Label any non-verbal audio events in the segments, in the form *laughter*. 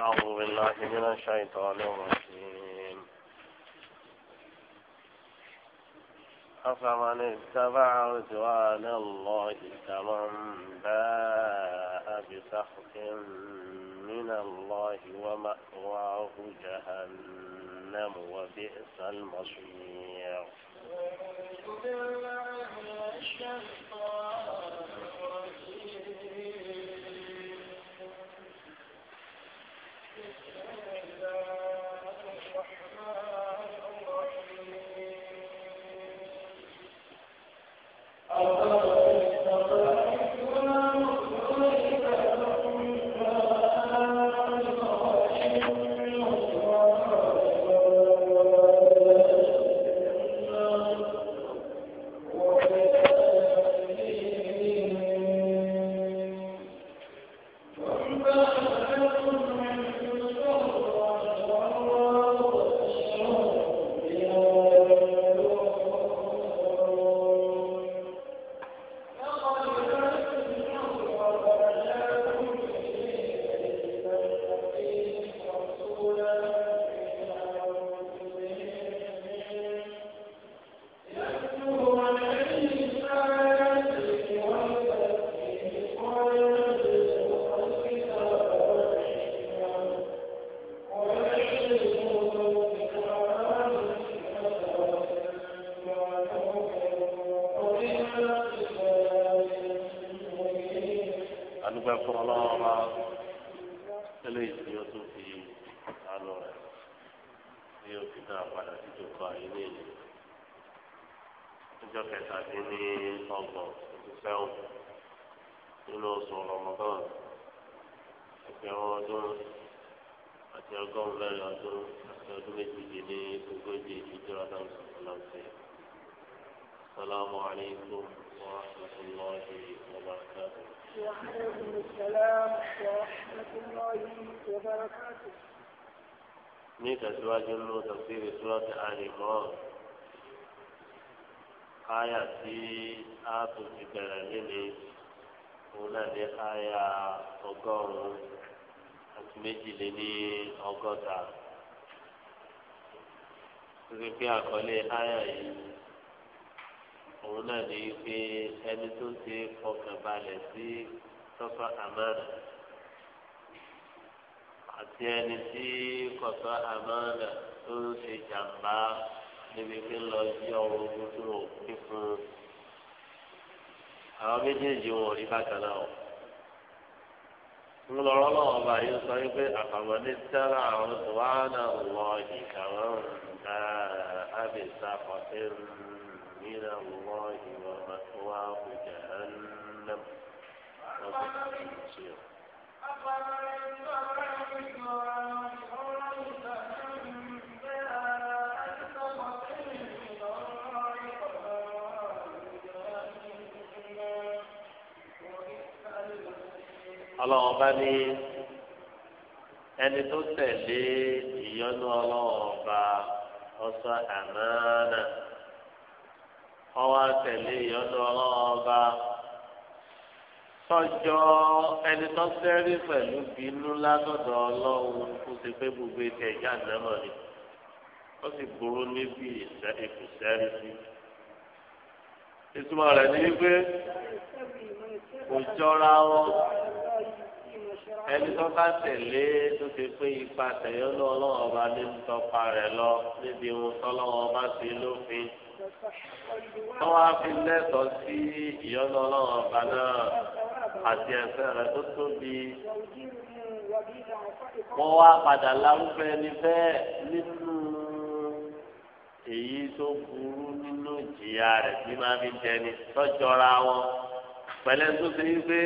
أعوذ بالله من الشيطان الرجيم أفمن اتبع رضوان الله كمن باء بسخط من الله ومأواه جهنم وبئس المصير أعوذ الشيطان lọ òṣìṣẹ́ o nínú oṣù Ramadan ẹgbẹ̀rún ọdún àti ọgọ́rùn mẹ́rin ọdún àti ọdún méjìdì ní ogójì ìjọba dáhùn sọ̀tọ̀lọ́sẹ̀. Assalamu alaikum wa rahmatullahi wa barakatuh. وعليكم السلام ورحمة الله وبركاته. ميت أزواج تفسير سورة آل عمران aya tí a tó ti bẹ̀rẹ̀ nílé òun náà ní aya ọgọ́rùn-ún àti méjìlél ní ọgọ́ta. Títí pé àkọlé aya yìí òun náà ní pé ẹni tó ti fọkàn balẹ̀ sí tọ́fà àmàlà àti ẹni tí kọ̀tọ́ àmàlà tó ń ṣe jàmbá níbi pé lọ sí ọrùn ogun tí wọn ò pín fún un àwọn méjèèjì wọn ò rí bákan náà ń lọ rọ́ lọ́wọ́ ọba yìí sọ wípé àfàmọ́lé dára àwọn tòwánà wọ ìkàwọn nǹka àbẹ̀sà pàṣẹ nínú wọ ìwà wà òjà ńlẹ̀ wọ́n ti ṣe ọlọ́run bá ní ẹni tó tẹ̀lé ìyọ́nú ọlọ́run ọba ọsọ àmàna ọwọ́ tẹ̀lé ìyọ́nú ọlọ́run ọba sọjọ́ ẹni tó sẹ́rí pẹ̀lú bínú látọ̀dọ̀ ọlọ́run kó ti pé gbogbo ètò ẹ̀já nàmọ̀ ni ó sì burú níbi ìkùsẹ́rí sí. ìtumọ̀ rẹ̀ ni wípé kò jọra wọn ẹni tó bá tẹ̀lé tó ti pé ipa tẹ̀yọ́ lọ ọlọ́wọ́ ọba nínú tọpa rẹ̀ lọ níbi ohun tọ́lọ́wọ́ ọba ti lófin. wọ́n wá fi lẹ́tọ̀ọ́ sí ìyọ́nú ọlọ́wọ́ ọba náà àti ẹ̀fẹ́ rẹ̀ tó tóbi. wọ́n wá padà lárúfẹ́ ní bẹ́ẹ̀ nínú èyí tó burú nínú ìjìyà rẹ̀ tí máa fi jẹni tọ́jọ́ra wọn pẹ̀lẹ́ tó ti ń gbé.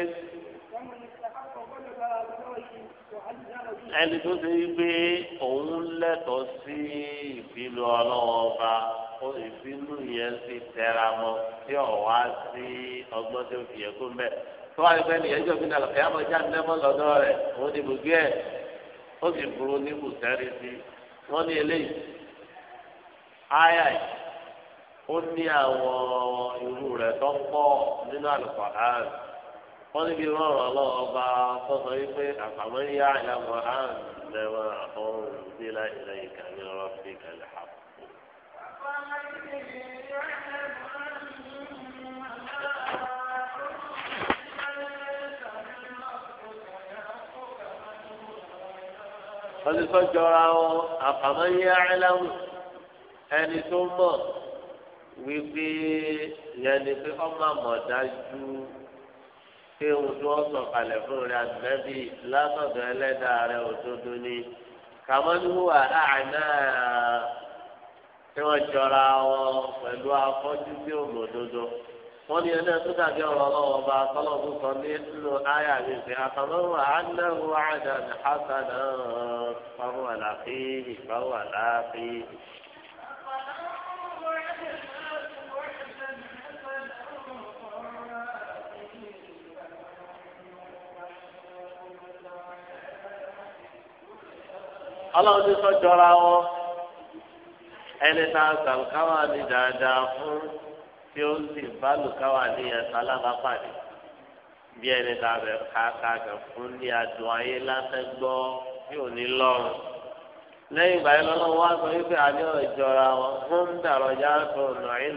ẹni tó ṣe wípé òun lẹ́tọ̀ọ́ sí ìbínú ọlọ́wọ́ ọba ìbínú yẹn ti tẹra mọ́ tí ọ̀wá sí ọgbọ́n tó fi yẹ kó mbẹ́ tó wà nípa ẹnìyẹn jọ bínú àlọ́kẹ́ àmọ́ já nẹ́mọ́ lọ́dọ́ rẹ̀ òun ni bùgbé ẹ̀ ó sì burú ní bùsẹ́rì sí wọ́n ní eléyìí áyà yìí ó ní àwọn irú rẹ̀ tó ń pọ̀ nínú àlùkò ààrùn wọ́n níbi rọrùn ọlọ́ọ̀ba sọ́sọ́ yìí pé àfàmọ́ yá àyàmọ́ á lẹ́wọ̀n àfọ̀hún sílá ilẹ̀ ìkàlẹ̀ ọ̀rọ̀ fi kàlẹ̀ ha. wọ́n ti sọ jọra wọn àfàmọ́ yá àyàmọ́ ẹni tó mọ̀ wípé ìyẹn ni pé ọmọ àmọ̀dájú. ṣé ojú ọ̀sán kalẹ̀ fún rẹ̀ àtìlẹ́bí látọ̀dọ̀ ẹlẹ́dàá rẹ̀ òdodo ni kàmọ́nùwà àná tí wọ́n jọra wọn pẹ̀lú afọ́jú tí ó mọ̀ òdodo wọ́n ní ẹni tó dàbí ọ̀rọ̀ ọlọ́wọ́ bá tọ́lọ́dún kan ní ọlọ́run ti sọ jọra wọn ẹni tá a sàn káwá ní dáadáa fún tí ó sì bá lùkáwá ní ẹ̀sán alábàápàdé bí ẹni tá a bẹ̀ káàkà kẹ̀ fún ní adùn ayé látẹ́gbọ́ tí ò ní lọ́rùn lẹ́yìn ìgbà yẹn lọ́nà wọ́n á sọ wípé àní ìjọra wọn fún dàrọ̀jà tó nà ń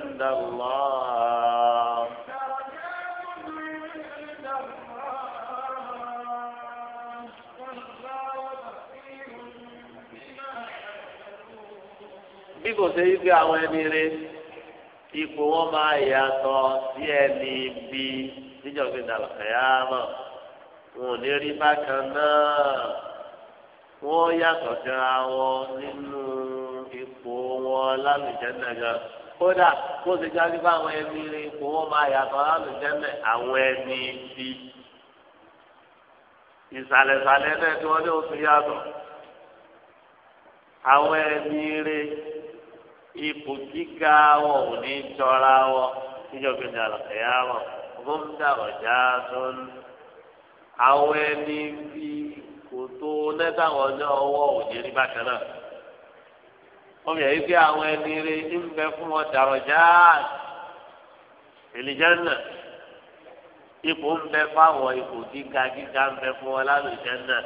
bí kò ṣe yí pé àwọn ẹni rẹ ipò wọn máa yàtọ̀ sí ẹni bí níjọba ìdàlùkẹ́yàmọ̀ wọn ò ní rí bákan náà wọn yàtọ̀ síra wọn nínú ipò wọn lálùjẹ́nà gan kódà kó ṣe jáde bá àwọn ẹni rẹ ipò wọn máa yàtọ̀ lálùjẹ́nà àwọn ẹni bí ìsàlẹ̀sàlẹ̀ náà tí wọ́n ní oṣù yàtọ̀ àwọn ẹni rẹ ipò gíga wọn ò ní jọra wọn níjọba ìjà lọ́kẹ̀yà wọn gómìnà ọ̀já tó ń àwọn ẹni bí kò tó lẹ́tàwọn ọjọ́ ọwọ́ òjì rí bákan náà wọ́n yẹ kí àwọn ẹni rí ń bẹ fún wọn dàrọ̀já ìlìjánà ipò ń bẹ fáwọn ipò gíga gíga ń bẹ fún wọn lálùjánà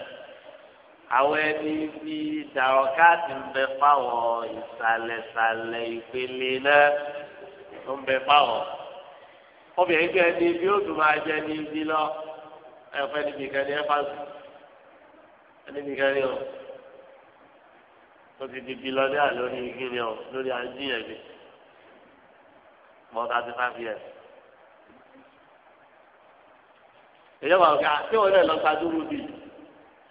àwọn ẹni bí dàrọ́káàtì ń bẹ fáwọn ìsàlẹ̀sàlẹ̀ ìpele náà tó ń bẹ fáwọn obìnrin kẹ́ ẹni bí ó tún máa jẹ ní ibi lọ ẹ̀fọ́ ẹni nìkan ni ẹ fà sùn ẹni nìkan ni ọ ti di ibi lọ ní àlórí kíni ọ lórí àjíyàn mi mọ thirty five years èyí wà ó wọn náà lọ sa dúró bíi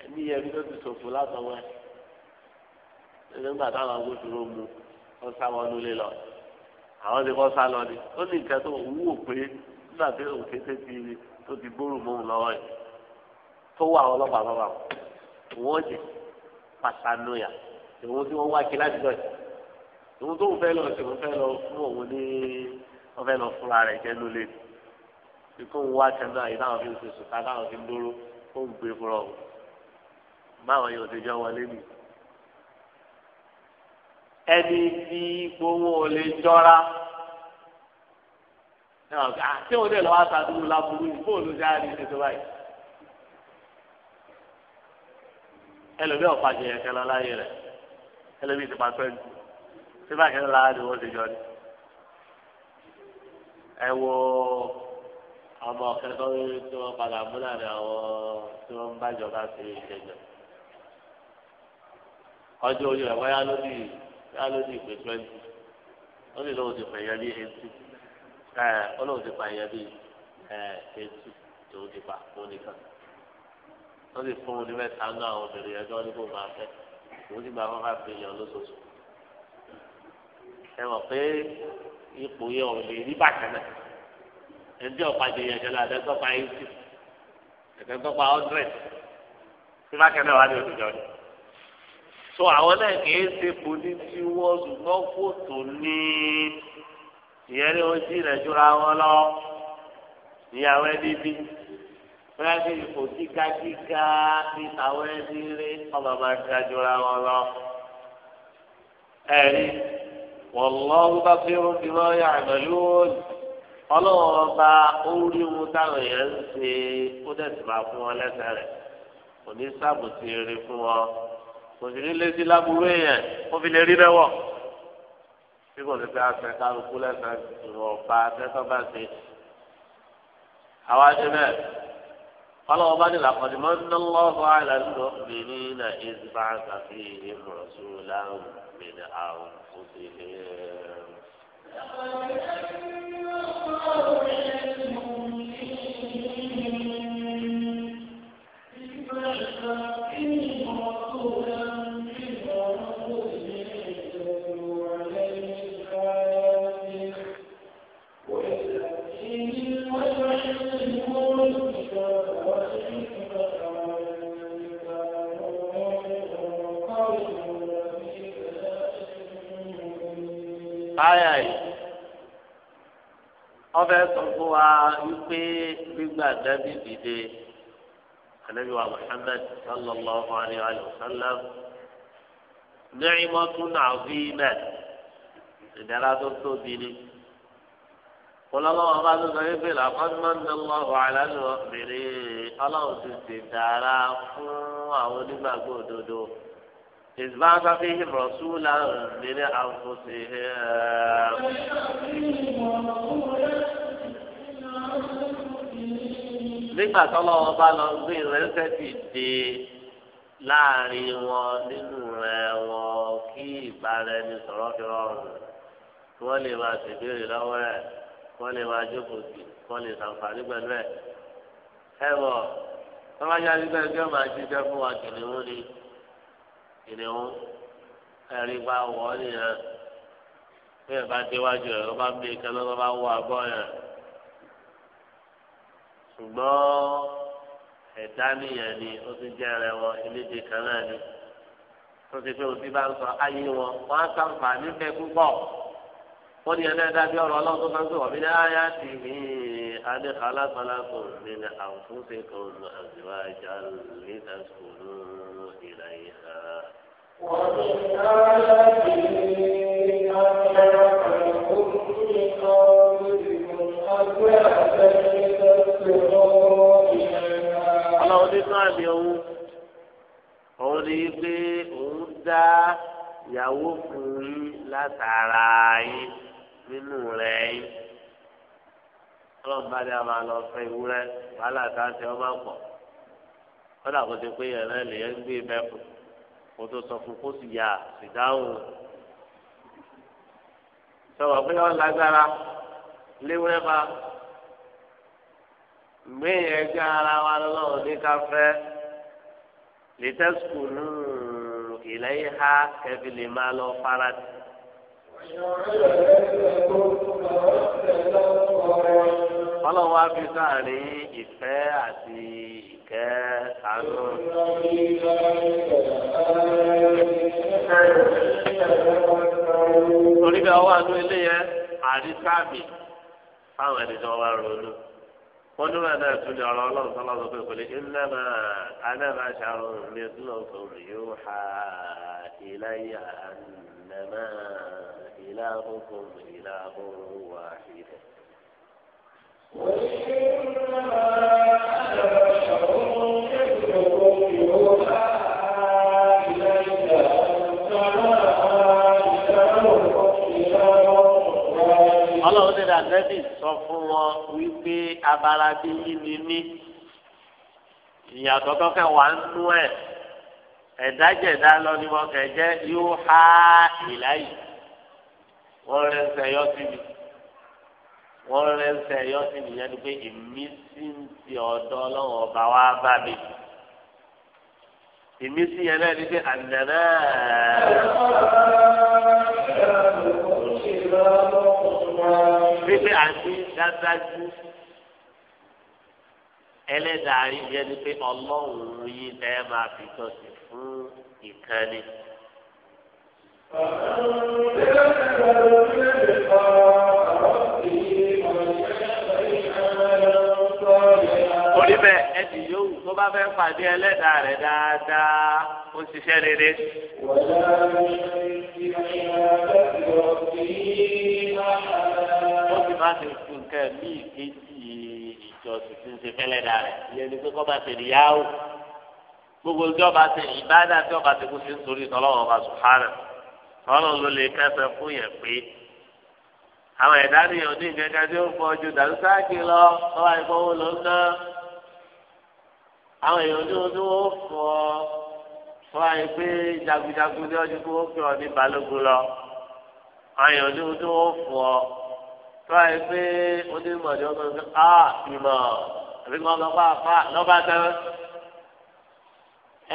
ẹbí yẹn bí ló ti sòfò látọwọ́ ẹ nígbà táwọn agbófinró mu wọn sá wọn lólè lọ àwọn ti kọ́ sá lọ ni ó ní nǹkan tó wú pé nígbà tí òkété ti tó ti gbóòrò mọ́hùn lọ́wọ́ yìí tó wà àwọn ọlọ́pàá bàbá wọn jẹ pàṣánùyà ìwọ̀n tí wọ́n wá kí láti dọ̀tí ìwọ̀n tó ń fẹ́ lọ sí wọ́n fẹ́ lọ fún òun ní wọ́n fẹ́ lọ fúnra rẹ̀ jẹ́ lólè ní kó wá kẹ́ńdà yìí táwọn fi ń sèṣù ká táwọn fi ń dúró kó ń gbé fúnra òun báwọn yóò ṣe jọ wọlé mi. ẹni tí gbowó lè jọra àti òun lè lọ́wọ́ àtàdúró láburú yìí bóòlù dáa ní ìṣètò báyìí. ẹlòmíì ọ̀pá jẹ ẹ̀kẹ́ lọ láyé rẹ̀ ẹlòmíì ti pa pẹ́ẹ́lú tí bá kẹ́lẹ́ lára ni wọ́n ti jọ ni. ẹ wo ọmọ kẹtọ́ tí wọ́n padà múlẹ̀ rẹ̀ àwọn tí wọ́n ń bájọba sí ìṣẹ̀jọ̀ ọjọ́ orí rẹ̀ wáyá lódì wáyá lódì ìpè twenty ó lè lóun ti pẹ̀yẹ bí eighty ẹ̀ ó lóun ti pẹ̀yẹ bí eighty tòun ti pa òun nìkan ó sì fún un ní mẹ́ta ní àwọn obìnrin yẹn tó ní kó máa fẹ́ òun sì máa fọ́nká fi yàn lóṣooṣù ẹ mọ̀ pé ipò yẹn ò lè rí bàtà náà ẹni tí ọ̀pá jẹ yẹn jẹlá ẹ̀dẹ́gbọ́pá eighty ẹ̀dẹ́gbọ́pá hundred tí bá náà wà ní oṣù jọ̀ọ́ so àwọn náà kì í ṣe poli tí wọ́n ṣùgbọ́n fòtò ní ìyẹn ní wọ́n sì rẹ̀ jura wọn lọ ìyàwó ẹni bí wọ́n á fi ipò kíkakíka ní àwọn ẹni rí ọba máa ga jura wọn lọ. ẹ̀rí wọ́lọ́wọ́ bá fi irun bí wọ́n yà pẹ̀lú ọlọ́wọ́ ọba orí mu táwọn èèyàn ń ṣe ó dẹ̀ sì máa fún wọn lẹ́sẹ̀ rẹ̀ kò ní sábòsí eré fún wọn kò sì ní lé sí lábúrú èèyàn ó fi lè rí rẹ́wọ̀ bí kò sí pé asẹ kálukú lẹsẹ ìrọ̀ ọba tẹ́tọ́ bá ṣe àwa ṣe bẹ́ẹ̀ kọ́lọ́wọ́ bá nílò àkọ́dé mọ́ ńlọ́wọ́ àìlàlúwọ̀ bìíní na ìzìbá àgbàfi ìmọ̀ọ́sù láwùn bìíní àrùn òṣèlè. Thank you. ọbẹ̀ sọ fún wa wípé gbígbà dábì dìde anabi wa muhammad sallallahu alayhi wa sallam ni'matun azimat ìdára tó tóbi ni kọlọ́lọ́wọ́ bá tó sọ wípé làkọ́nmọ́ndínlọ́wọ́ aláàlú obìnrin ọlọ́run ti ṣe dára fún àwọn onígbàgbọ́ òdodo ìsìláńsá fi hìm rọ̀ṣúlá nínú àǹfọ̀ṣe hẹ́ẹ́. nígbà tọ́lọ́ wọn bá lọ gbé ìrẹsẹ̀ ti dé láàrin wọn nínú rẹ wọn kí ìbáraẹnisọ̀rọ̀ fi rọrùn kí wọ́n lè máa ṣèbéèrè lọ́wọ́ rẹ̀ kí wọ́n lè máa jókòó sí kí wọ́n lè ṣàǹfààní pẹ̀lú ẹ̀. ẹ wọ̀ tọ́lájà nígbà tí wọ́n máa ṣiṣẹ́ fún wa kìnìún ni kìnìún ẹ̀rí bá wọ̀ ọ́ nìyẹn bí ẹ̀ bá déwájú rẹ̀ ló bá gbé ìkànnì e ló bá wọ àgọ́ yẹn ṣùgbọ́n ẹ̀dá nìyẹn ni ó ti jẹ́ ẹrẹ wọn eléje kan náà ni tó ti pé òsì bá ń sọ ayé wọn wọn á sàǹfà nífẹ̀ẹ́ púpọ̀ wọ́n ní ẹni ẹ̀dá bí ọ̀rọ̀ ọlọ́run tó bá ń sọ wọ́n ní ayé àti mi adé kálákàlákò mi ní àǹfóṣe kan ní àzíwájà lẹ́tà sùkúlù ìlà ìhà. wọ́n ní ayé àti mi adé kálákàlákò mi ní àǹfóṣe kan ní àzíwájà. ọlọ́run nínú àmì òun òun ni pé òun dá ìyàwó fún yín látara yín nínú rẹ̀ yín ọlọ́run bá dé a máa fẹ́ ìwúrẹ́ wàhálà tá a ti ọ pọ̀ kọ́dà kó ti pé ẹ̀rẹ́ lèyẹn ń gbé mẹ́kù kó tó sọ fún kó sì yà sì dáhùn sọ̀rọ̀ pé ọ̀ lágbára léwúrẹ́ máa. Mgbe e yẹn ga ara wa lọ́wọ́ ní káfẹ́ lìtẹ́sùkùnù ihe ha kẹfì e lè máa lọ fara tì. ọlọ́run wá fi sáàrin ìfẹ́ àti ìkẹ́ bí ọwọ́ àánú ilé yẹn fáwọn ẹni tí wọ́n bá ronú. wọ́n ní wọn náà tún ní ọ̀rọ̀ ọlọ́run sọ́lá sọ pé kòlí ìnáma anábàṣàrò mẹ́tìlọ́kùn yóò ha ìláyà ànàmá ìlàkùnkùn ìlàkùn wàhídẹ̀. wọ́n ní ìnáma. ọlọ́run ní dàgẹ́sì sọ fún wọn wípé abala bí yín ni mí ìyàtọ̀ tó wà ń nú ẹ̀ ẹ̀dá jẹ̀dá lọ ni wọn kẹ̀ jẹ́ yóò há ìláyì wọ́n rẹ̀ ń sẹ́yọ́ sí mi wọ́n rẹ̀ ń sẹ́yọ́ sí mi yẹn ni pé èmi sì ń ti ọ̀dọ́ ọlọ́run ọba wa bá mi èmi sì yẹn náà ni pé ànàná pípé àti dájú ẹlẹ́dàá rí jẹ́ ni pé ọlọ́run yìí ẹ máa fi tọ́sí fún ìkànnì. orí ẹ ti bá fẹ́ pàdé ẹlẹ́dàá rẹ̀ dáadáa ó ṣiṣẹ́ rere. ó sì má ti fún nǹkan míì kejì ìjọsìn tí ń ṣe fẹ́lẹ́dàá rẹ̀ ìyẹn ni pé kọ́ bá ṣe ìyáwó gbogbo ìjọba ṣe ìbádà tí ọba ti kú sí nítorí ìtọ́lọ́wọ́ ọba sùhánà ọlọ́run ló lè kẹsẹ̀ fún yẹn pé àwọn ẹ̀dá nìyẹn ní ìgbẹ́gẹ́ ó fọ́ ju dàrú sáàkì lọ lọ́wọ́ àìfọwọ́ lọ́nà àwọn èèyàn ní ojú ó fọ fọ àyè pé jagunjagun ní ọdún tó ó fi ọ ní balógun lọ àwọn èèyàn ní ojú ó fọ fọ àyè pé onímọ̀ ni wọ́n á ìmọ̀ àbí wọ́n lọ bá fa lọ́ba tán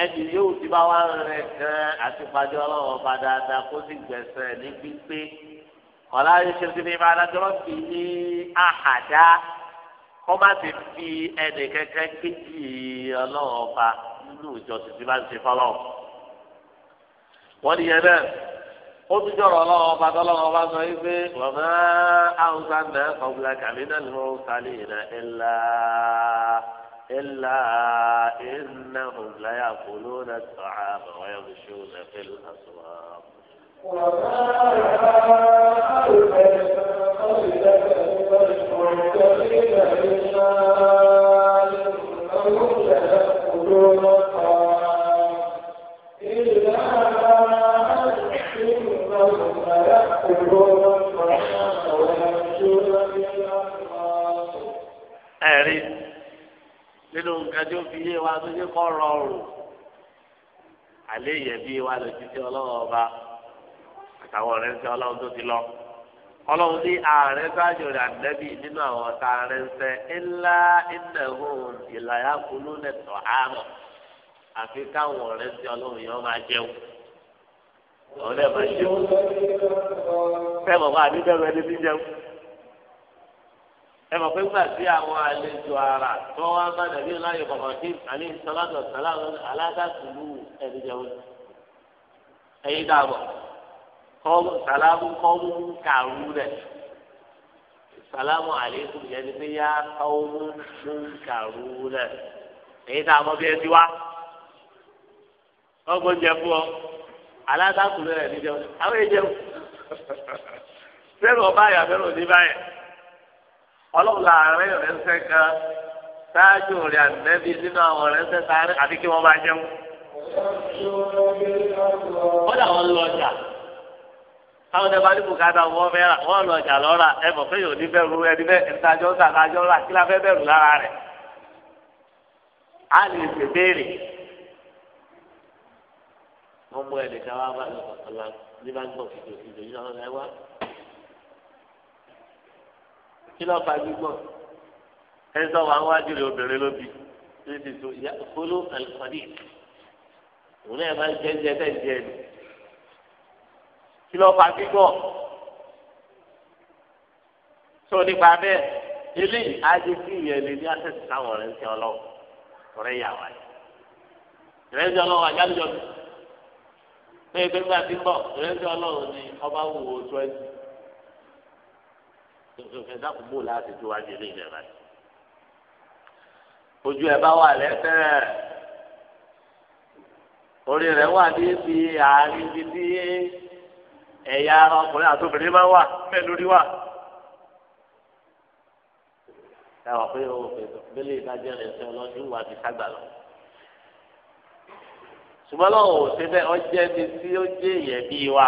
ẹni yóò ti bá wà rẹ gan àti padì ọlọ́wọ́ padà dá kó sì gbẹ̀sẹ̀ ní pípé kọ́lá yóò ṣe sí ní ìbára tó ń ní àhàdá kọ́ba ti fi ẹnì kẹ́kẹ́ kéjì ọlọ́run ọba nínú ìjọsìn tí bá ń ṣe fọlọ́ wọ́n ní yẹn bẹ́ẹ̀ ó tún jọ̀rọ̀ ọlọ́run ọba tọ́lọ́run ọba sọ yìí pé wọ́n áwùsá náà kọ́bùlà kàmínà ni wọ́n sálẹ̀ yìí náà ẹ̀là ẹ̀là ẹ̀nà ọ̀gbìnláyà kúló náà tọ́ àbọ̀ wáyà oṣù náà fẹ́lú àṣùwà. wọ́n á ẹ̀rí nínú nǹkan tí ó fi yé wa tó ṣe kọ́ rọrùn àléyẹ̀ bí wa lè ti ṣe ọlọ́wọ́ ọba àtàwọn ọ̀rẹ́ ń ṣe ọlọ́run tó ti lọ ọlọ́run ní ààrẹ bájọ rẹ̀ àdẹ́bí nínú àwọn ọ̀tá rẹ̀ ń sẹ́ ńlá ìnáhùn ìlàyà kúlú nẹ̀tọ̀ àmọ̀ àfi káwọn ọ̀rẹ́ sí ọlọ́run yẹn máa jẹun àwọn ẹ̀ máa jẹun fẹ́ mọ̀ fún àdídẹ́rù ẹni tí jẹun ẹ mọ̀ pé gbà sí àwọn àlejò ara tó wá bá nàbí láyò bàbá kí àní sọlá tó sọlá aládàtúlù ẹni kọ́ọ̀mù sàlámù kọ́ọ̀mù kàrú rẹ̀ sàlámù àlékún yẹn ni pé yá kọ́ọ̀mù mú kàrú rẹ̀ èyí tá a mọ bí ẹ ti wá ọgbọ́n jẹ fún ọ aládàkùnrin rẹ̀ níjẹun àwọn èjẹun fẹ́ràn ọba àyà fẹ́ràn òní báyẹn ọlọ́run làárẹ̀ rẹ̀ ń sẹ́ kan ṣáájú rẹ̀ ànẹ́bí nínú àwọn rẹ̀ ń sẹ́ sáré àti kí wọ́n bá jẹun. wọ́n dà wọ́n lọ ọjà àwọn ọ̀dẹ̀ bá ní bùkátà wọ́n fẹ́ rà lọ jà lọ́ra ẹ mọ̀ pé yóò ní bẹ̀rù ẹni bẹ́ẹ̀ ìtajọ́ ìtajọ́ rà kí la fẹ́ bẹ̀rù lára rẹ̀ á ṣe béèrè. wọ́n mú ẹnì kan wá bá ọ̀la ní bá ń gbọ̀n fìdò fìdò yìí lọ́wọ́ ẹwà. kí ló fa gbígbọ̀n ẹni tó wà ń wájú rẹ̀ obìnrin ló bì ní ti so ìyá kóló àlùkọ́dì òun náà máa ń jẹ́ jẹ́ kí ló fa gbígbọ́ tó nípa bẹ́ẹ̀ ilé ajé kí ìyẹn lè ní àtẹ̀sí táwọn ọ̀rẹ́ ń tẹ ọlọ́wọ́ ọ̀rẹ́ yà wá yìí ìrẹsì ọlọ́wọ́ àjálùjọ mi pé ẹgbẹ́ gbà tí ń bọ̀ ìrẹsì ọlọ́wọ́ ni ọba wù ó tó ẹ̀jẹ̀ tuntun dákun bò láti tó wájú ilé ìjọba yìí ojú ẹ bá wà lẹ́sẹ̀ orí rẹ̀ wà ní ibi àárín ibi tí ẹ̀yà ọkùnrin àti obìnrin máa wà mẹ́lórí wà. ẹ wà pé o bẹ́lẹ̀ ìdájọ́ rẹ̀ ṣe ọlọ́dún wà ti ságbà lọ. ṣùgbọ́n lọ́wọ́ ò ṣe bẹ́ẹ̀ ọjẹ́ mi tí ó jẹ́ ìyẹn wa.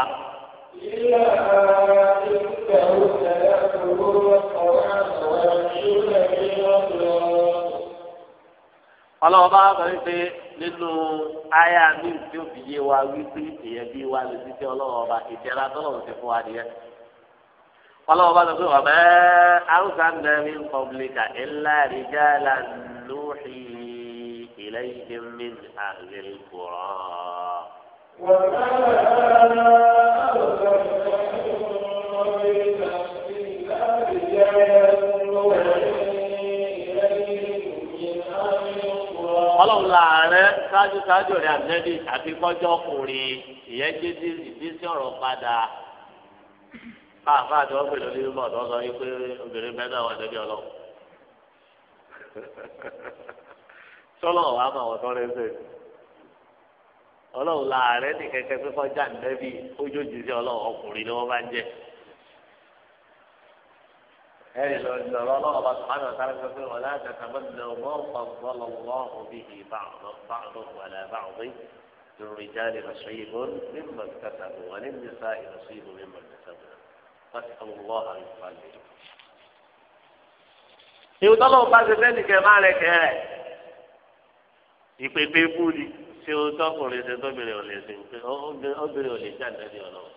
ilé ààrẹ ìgbà wo ṣẹlẹ̀ kúrò ọ̀rọ̀ àwọn ìṣúná ìṣúná ìṣúná ọlọ́wọ́ bá sọ wípé nínú àyà mi tí ó fi yé wa wípé èèyàn bí wa lè ṣiṣẹ́ ọlọ́wọ́ ìjẹ́ra tó lọ́wọ́ ti fún wa nìyẹn. ọlọ́wọ́ sọ pé ọ̀bẹ arúgbó nàmi pọ̀blìkà ńlá rìjálà lóhì ìlẹ́yìn mi àgbẹ̀rẹ̀ kùrọ̀. wọ́n bá wà á. ọlọ́run láàárẹ̀ ṣáájú ṣáájú rẹ̀ àbẹ́bí àti kọjọ́ ìyẹn jẹ́ ìdísí ọ̀rọ̀ padà káàfáà tí wọ́n pè lórí bọ̀ tó sọ wípé obìnrin bẹ́ẹ̀ wà lórí ọlọ́run sọlọ́ wa máa wọ̀ tọ́lẹ̀ ṣe ọlọ́run láàárẹ̀ ní kẹ̀kẹ́ pé nẹ́bí ojójì sí ọlọ́run ọkùnrin ni wọ́n bá ń jẹ́ ẹ̀rí lọ sí ọ̀rọ̀ ọlọ́wọ́ bá tó hánà sáré pé wọn láti àtàbọ̀ ní ọmọ ọ̀pọ̀lọpọ̀ lọ́wọ́ bí i báàdọ̀ wàlẹ̀ báàdọ̀ lórí jáde lọ́sọ̀yìnbó ní mọ̀tàtà wọn ní nísà ìlọsọ̀yìnbó ní mọ̀tàtà wọn wọ́n ti àwọn ọlọ́wọ́ àlùfáà lè. ìwòtọ́lọ́wọ́ bá ṣe fẹ́ẹ́ nìkẹ́ máa rẹ̀ kẹ́ rẹ̀ ìpèpè búri ṣé o tọkùnrin ṣe tóbìnrin ò lè ṣe obìnrin ò lè jáde ní ọlọ́wọ́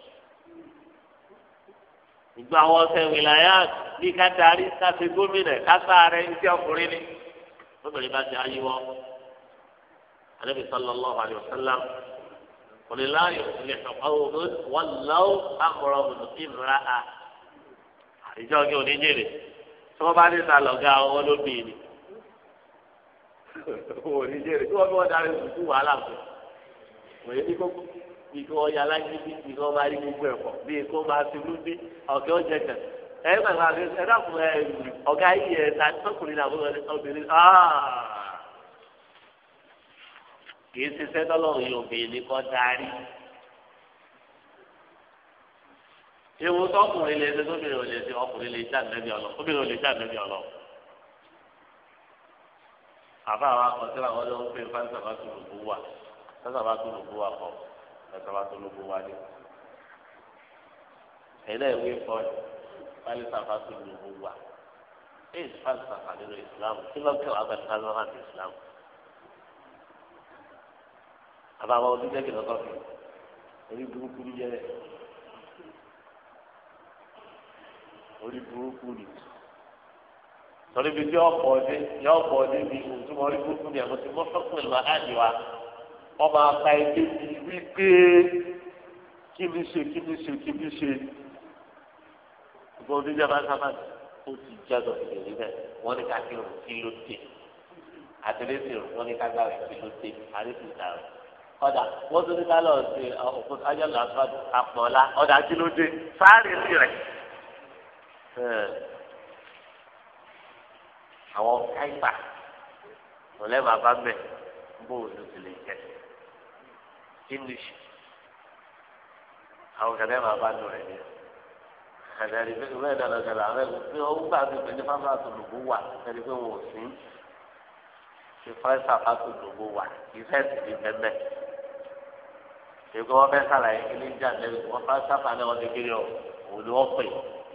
ìgbà àwọn ọ̀sẹ̀ wìláyà bí ká darí ká fi gómìnà ká sáré iṣẹ́ ọkùnrin ni lóbìnrin bá ti ayé wọn. anabi sallallahu alayhi wa sallam kòlélá yòókùnlé ọ̀hún wọn lọ́wọ́ àmọ̀ràn ọ̀dùnkì rà á. àdìjọ́ kí òní jèrè tí wọ́n bá ní ta lọ́gá ló bì í ni. *laughs* òní jèrè tí wọ́n fi wọ́n darí sùkúù wàhálà fún un. òye ní kókó bí kí wọ́n yàrá yín rí gbogbo ẹ̀kọ́ bí kó máa fi lú bí ọ̀kẹ́ ó jẹ ẹ ẹ gbàgbà mi ẹ dàpọ̀ ẹ ọ̀gá yìí ẹ ta tọkùnrin náà fún obìnrin ah! kì í ṣiṣẹ́ tọ́lọ́run yìí obìnrin kọ́ darí ewu tọkùnrin lè ṣe tóbìnrin lè ṣe ọkùnrin lè ṣe ànábì ọlọ obìnrin lè ṣe ànábì ọlọ àbá wa kọ síra wọn ló fásitì àbá tó lùbú wà fásitì àbá tó lùbú wà kọ ẹ̀sọ́ba tó lóko wájú. ẹ̀dá ìwé kọ́ fálísàfà tó lóko wà èyí fálísàfà nínú ìsìlámù kí ló kẹwàá bẹ fálísàfà nínú ìsìlámù. àbáwọ̀ onídẹ́gì lọ́kọ́ fi orí burúkú ní yẹrẹ orí burúkú ni torí bí yọ ọ̀pọ̀ ọdẹ yọ ọ̀pọ̀ ọdẹ bí òtún orí burúkú ni ẹ̀kọ́ ti mọ́ fọ́pọ̀ ìlú wa ọmọ aka ẹgbẹ́ ti wípé kí ni ṣe kí ni ṣe kí ni ṣe ìbọn oníjàmbá sábà ó ti jáde ọ̀sẹ̀ yìí bẹ́ẹ̀ wọ́n ní ká kírun kí ló dé àtẹlẹsìn wọ́n ní ká gbàgbé kí ló dé àríkì ìtàrẹ ọ̀dà wọ́n tún ní ká lọ sí ọ̀pọ̀ uh, ajọ́lá àpọ̀lá ọ̀dà kí ló dé sáré sí rẹ̀ àwọn káìpà ọ̀lẹ́ bàbá bẹ̀ bó o lè jẹ́ english àwọn kẹlẹ máa bá lò rẹ ní ẹdẹrì pé ìwé ìdáná kẹlẹ àwọn ẹgbẹ́ pé ó gbà mí pé ní fáfá tòlùbù wà ẹni pé wọn ò sí ṣe fáfá fáfá tòlùbù wà kì í fẹsẹ̀ ní bẹ́ẹ̀ èkó wọn fẹ́ sàlàyé kí ní jà lẹ́nu wọn fẹ́ sábà náà wọn kiri ọ òun wọn pè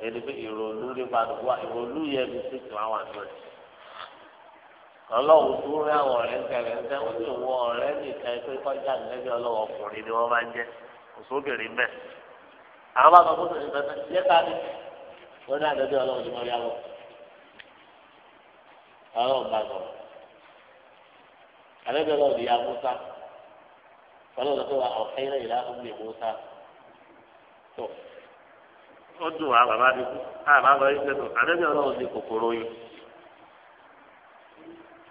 ẹni pé ìrònú nípa àdúgbò ìrònú yẹn ní sèkì wọn wà lónìí ọlọ́run tó rí àwọn ọ̀rẹ́ ńkẹrẹ ńkẹ ó sì wọ ọ̀rẹ́ nìkan pé kọjá nẹ́bí ọlọ́wọ́ ọkùnrin ni wọ́n máa ń jẹ́ òṣòbìnrin bẹ́ẹ̀. àwọn bá sọ fún mi pẹ́pẹ́ yẹ ká ní wọ́n ní àdébí ọlọ́run ti mọ yá lọ. ọlọ́run bá sọ̀rọ̀ àdébí ọlọ́run ti ya Musa ọlọ́run tó wà ọ̀kẹ́ ilé ìlà ọ̀hún lè Musa ó dùn wá bàbá mi kú àbá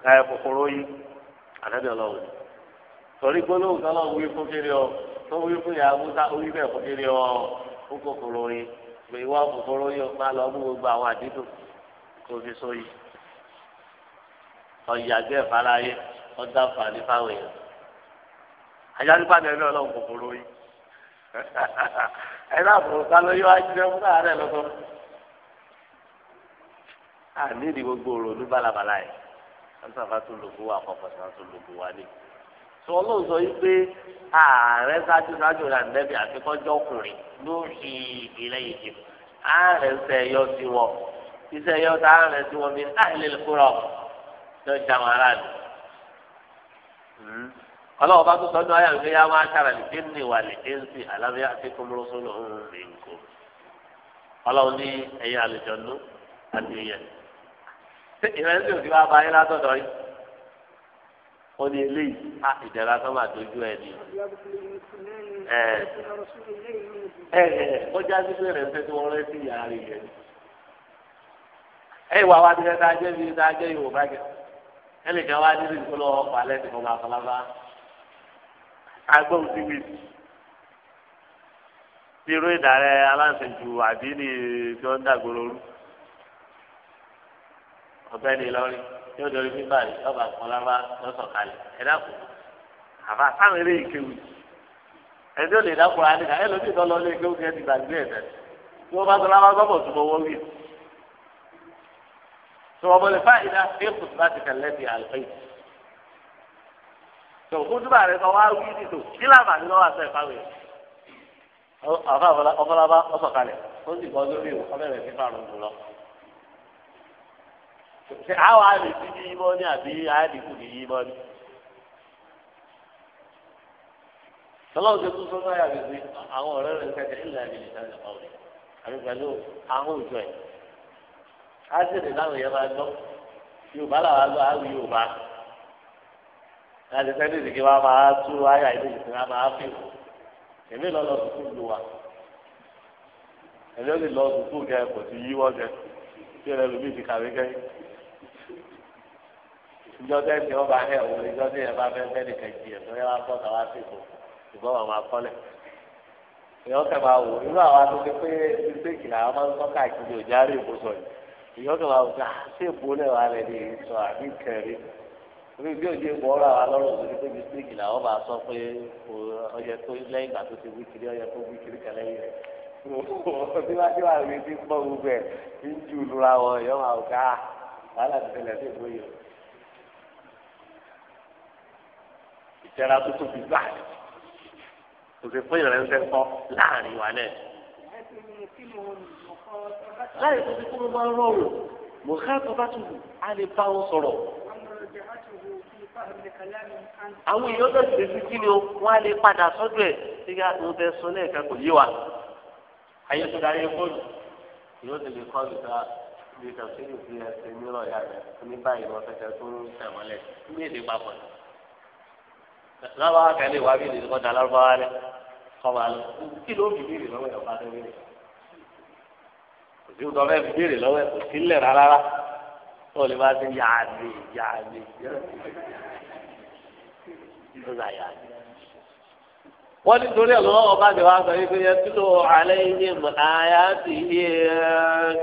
káyọ̀ kòkòrò yìí ànábì ọlọ́run torí gbólóhùn tọ́lọ́ wí fún kiri ọ tó wí fún ìyá musa wí bẹ́ẹ̀ fún kiri ọ fún kòkòrò yìí pé ìwà kòkòrò yìí má lọ mú gbogbo àwọn àdídùn kó fi sóyè ọ̀yàgbẹ́ ìfaráyé ọ̀dà fàlí fáwọn èèyàn àjálù pàdé ẹ̀rí ọlọ́run kòkòrò yìí *laughs* ẹ náà fòrò ká ló yọ ajínigbé fún àárẹ̀ lọ́tọ́ àní ìdí gbogbo òrònú bálabàlá yìí ansafa tó lògbó wa kọfọ sàn tó lògbó wa lé sọ ọlọ́run sọ yìí pé ààrẹ ṣáájú ṣáájú rẹ àǹdẹ́bí àfikọ́jọ́ ọkùnrin ló fi ìpìlẹ̀ yìí jù ààrẹ ṣe ẹyọ sí wọn iṣẹ́ ẹyọ tá ààrẹ sí wọn bí àìlè kúrọ̀ lọ jà wọn aráàlú. ọlọ́run bá tó sọ ní ayọ̀ ìgbéyà wọn aṣára lè dé ní ìwà lè dé sí alábíyá àfikún mọ́rọ́sọ́nù ọ̀hún rẹ̀ ń kó ọlọ́run ní ẹ̀yà àlùjọ ṣé ìrẹsì òdi wa báyìí látọ̀dọ̀ yìí ó ní eléyìí á ìdẹ̀ra tó máa dojú ẹ ní. ẹ ẹ ó já sí pé rẹ̀ ń tẹ́tí wọ́n rẹ́ sí ìyá rẹ̀ yẹn. ẹ ìwà wa ti rẹ̀ tá a jẹ́ bí tá a jẹ́ ìwò bá jẹ́ ẹnìkan wá nínú ìkólọ́ ọkọ̀ alẹ́ tí mo máa fọlá bá agbóhùn sí wíìsì irú ìdàrẹ́ aláǹsẹ̀jù àbí ni tí wọ́n ń dàgbòrò rú ọ̀bẹ ni lọ́rí tí ó dorí bíbá rẹ̀ lọ́ba kan lábá lọ́sọ̀kalẹ̀ ẹ dákun àbá sáwọn eré ìkéwì ẹni ó lè dákun ra níta ẹlòmíì tó lọ lé ìkéwì kẹ́ ti gbàgbé ẹ̀ tẹ̀lé tí wọ́n bá tó lábá gbọ́bọ̀ tó mọ wọ́n wí. tó ọmọ lè fà ìdá fíkù tó bá ti tẹ̀lé ti àlùfẹ́ yìí. tó kúndùbà rẹ̀ kan wá wí nìtò kí làbà ni wọ́n wà sọ ìfáwé ṣe àwọn àdìsí ní yímọ́ ní àbí àdìsí ní yímọ́ ní. sọlọ́wọ́ ṣe ya sọ́nà àyà bèbè àwọn ọ̀rẹ́ rẹ̀ kẹ́kẹ́ ìlànà ìlànà ìlànà ìpàwọ̀ rẹ̀ na pẹ̀lú àwọn òjò ẹ̀. á sì lè láwọn yẹn máa gbọ́ yorùbá làwọn àgbà á wí yorùbá. láti sẹ́ni ìdíkì wa máa tú àyà ilé ìsìn wa máa fi wò. èmi lọ lọ sùkúù lu wa. èmi ó sì lọ sùkúù kẹ ìjọ tẹ́sí ọba ẹ̀ òun ìjọ tí ẹ̀ bá fẹ́ fẹ́ẹ́lì kẹ̀jì ẹ̀ tó yẹ wá bọ́ tàwa sí ìbò ìbọn àwọn akọ́lẹ̀. ìyọ́ kẹ́ máa wò irú àwọn akéwì pé mistake làwọn máa ń sọ káàkiri òjá rí ìbò sọ yìí ìyọ́ kẹ́ máa wò pé àti ah, ìbò lẹ̀ wà lẹ̀ ní sọ àbí kẹrin orí bí òjò ìbò ọ̀rọ̀ àwọn lọ́rùn tó ní pé mistake làwọn máa sọ pé ọyẹ tó lẹ́yìn ìgbà tó ti wí kiri ọyẹ tó wí kiri kẹlẹ́ yìí rẹ̀ bí wá sí wà lórí ti pọ̀ gbogbo ẹ̀ ń ju lura wọn ìyọ́ máa wò ká ah, wàhálà ti tẹ̀lẹ̀ sí ìtẹ́ra tó tóbi gbà kò sì fún ìrẹsẹ̀ kọ́ láàrin wa náà. láì tó ti kúrò máa ń rọrùn mo ká tó bá tù á lè bá wọn sọ̀rọ̀. àwọn èèyàn náà ti fi kí ni o wọ́n á lè padà sọ́dọ̀ ẹ̀ sígá ń bẹ sọ lẹ́ẹ̀kan kò yé wa. ayé tó darí fóònù yóò ti lè kọ́ ìta bí kàfíìnì fi ẹsẹ̀ nírọ̀ yá rẹ̀ ní báyìí wọ́n fẹ́ tẹ́ tó ń tẹ̀ mọ́lẹ̀ ní èdè papọ̀ náà lọ́wọ́ akẹ́lẹ́ ìwà bíi ìdìbò dà lọ́wọ́ rẹ̀ kọ́ba lọ kí ló fi béèrè lọ́wọ́ ẹ̀ ọba tó béèrè kò sí ọdọ mẹ́fì béèrè lọ́wọ́ ẹ̀ kò sí lẹ̀ rárá ó lè máa ṣe yáàdì yáàdì ó sà yáàdì. wọ́n ní torí ẹ̀ lọ́wọ́ ọba àti wa sọ yìí pé yẹn kí ló alẹ́ yìí ní àyà ti yé ẹ́.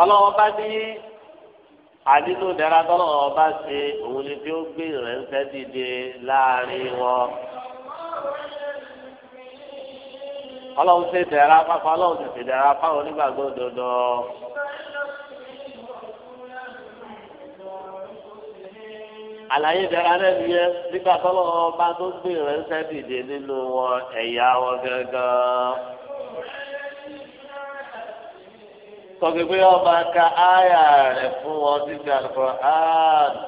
ọlọ́wọ́ bá ní àdínú dẹ́ra tọ́lọ́wọ́ bá ṣe òun ni tí ó gbé ìrẹ́nsẹ́ dìde láàrin wọn. ọlọ́run ṣe dẹ́ra pápá ọlọ́run ti ṣe dẹ́ra fáwọn onígbàgbọ́ òdodo. àlàyé dẹ́ra náà nìyẹn nígbà tọ́lọ́wọ́ bá tó gbé ìrẹ́nsẹ́ dìde nínú wọn ẹ̀yà wọn gángan. sọ pé pé ọba ka áyà rẹ̀ fún wọn títí àlùkò áàdì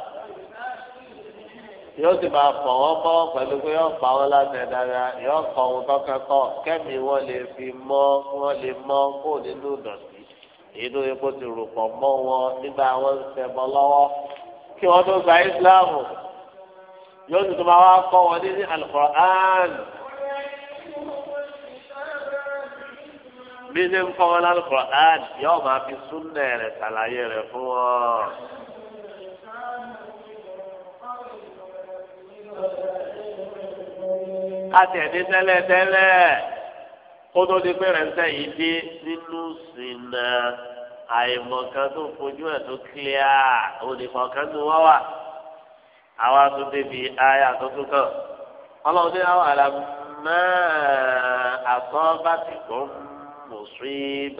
yóò sì máa fọ̀ wọ́n mọ́ pẹ̀lú pé yóò pa wọ́n láti ẹ̀dára yóò kọ́ ohun tọ́kẹ́kọ́ kẹ́mi wọ́n lè fi mọ́ wọ́n lè mọ́ kó nínú ìdọ̀tí inú epo ti rò pọ̀ mọ́ wọn nígbà wọn ń lọ́wọ́ kí wọ́n tó gba ìsìláàmù yóò sì tún máa wá kọ́ wọn ní Al-Qur'an bí ṣe ń kọ́ wọn lálùkọ́ án yóò máa fi súnlẹ̀ rẹ̀ ṣàlàyé rẹ̀ fún wọn. àtẹ̀dé tẹ́lẹ̀tẹ́lẹ̀ kó tó di pé rẹ̀ǹtẹ̀ yìí dé nínú sínà àìmọ̀kan tó fojú ẹ̀ tó kíá onífọ̀kan tó wá wà àwa tó débi ayé àtúntún kan ọlọ́run ní àwọn àlàmọ́ àtọ́ bá ti gbọ́n mùsùlùmí.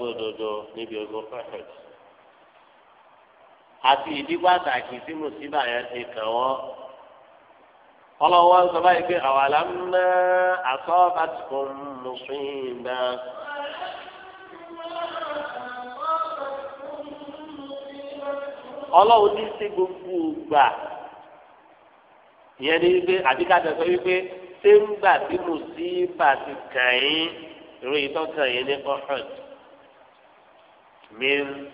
olùgbàgbọ́ òdodo níbi ogun Uhud àti ìdí pàtàkì tí mùsíbà yẹn ti kàn wọ́n ọlọ́wọ́ sọ báyìí pé àwọn àlámúná àsọ́bàtìkùn mùsùlùmí ọlọ́run ní sí gbogbo ògbà ìyẹn ní wípé àdìgàdà sọ wípé ṣé ń gbà tí mùsíbà ti kàn yín ìròyìn tó kàn yín ní kọ́hàn. من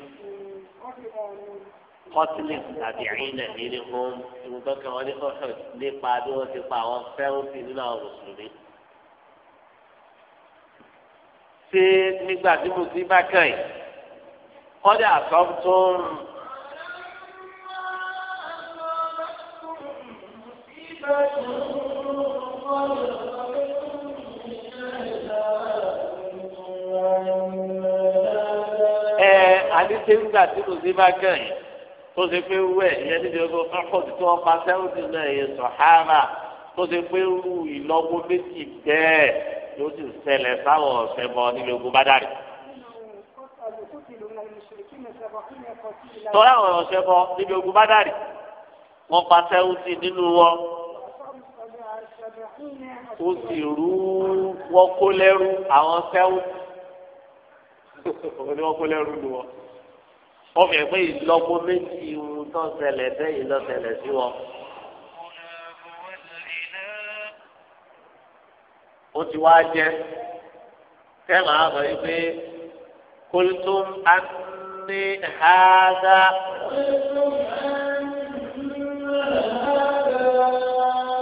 قتل التابعين منهم ìmùtọ́kẹ́ wọn ní kọ́sọ̀ nípa bí wọ́n ti pa àwọn fẹ́ǹsì nínú àwọn mùsùlùmí. ṣé nígbà tí mo ti bá kàn yìí kọ́dà sọ́tún. Thank you. pé nígbà tí kò sí bá kẹ́yìn tó ṣe pé wẹ̀ ìyẹn níbi ọgbọ́n fẹ́kọ̀ọ́ tí wọ́n pa sẹ́wọ́dì náà yẹn sọ̀hárà tó ṣe pé rú ìlọ́gbó méjì bẹ́ẹ̀ yóò sì ṣẹlẹ̀ sáwọn ọ̀sẹ̀ bọ nílé ogun bá dàrí. tọ́lá àwọn ọ̀sẹ̀ bọ nílé ogun bá dàrí wọ́n pa sẹ́wọ́dì nínú wọn ó sì rú wọ́n kó lẹ́rú àwọn sẹ́wọ́dì wọ́n kó lẹ́rú lu wọn ọmọ ẹ̀ pé ìlọ́po méjì ohun tó ṣẹlẹ̀ bẹ́yìn lọ ṣẹlẹ̀ sí wọn. ó ti wá jẹ́ kẹ́hìn àgbà yìí pé kólítùm á ní hádà.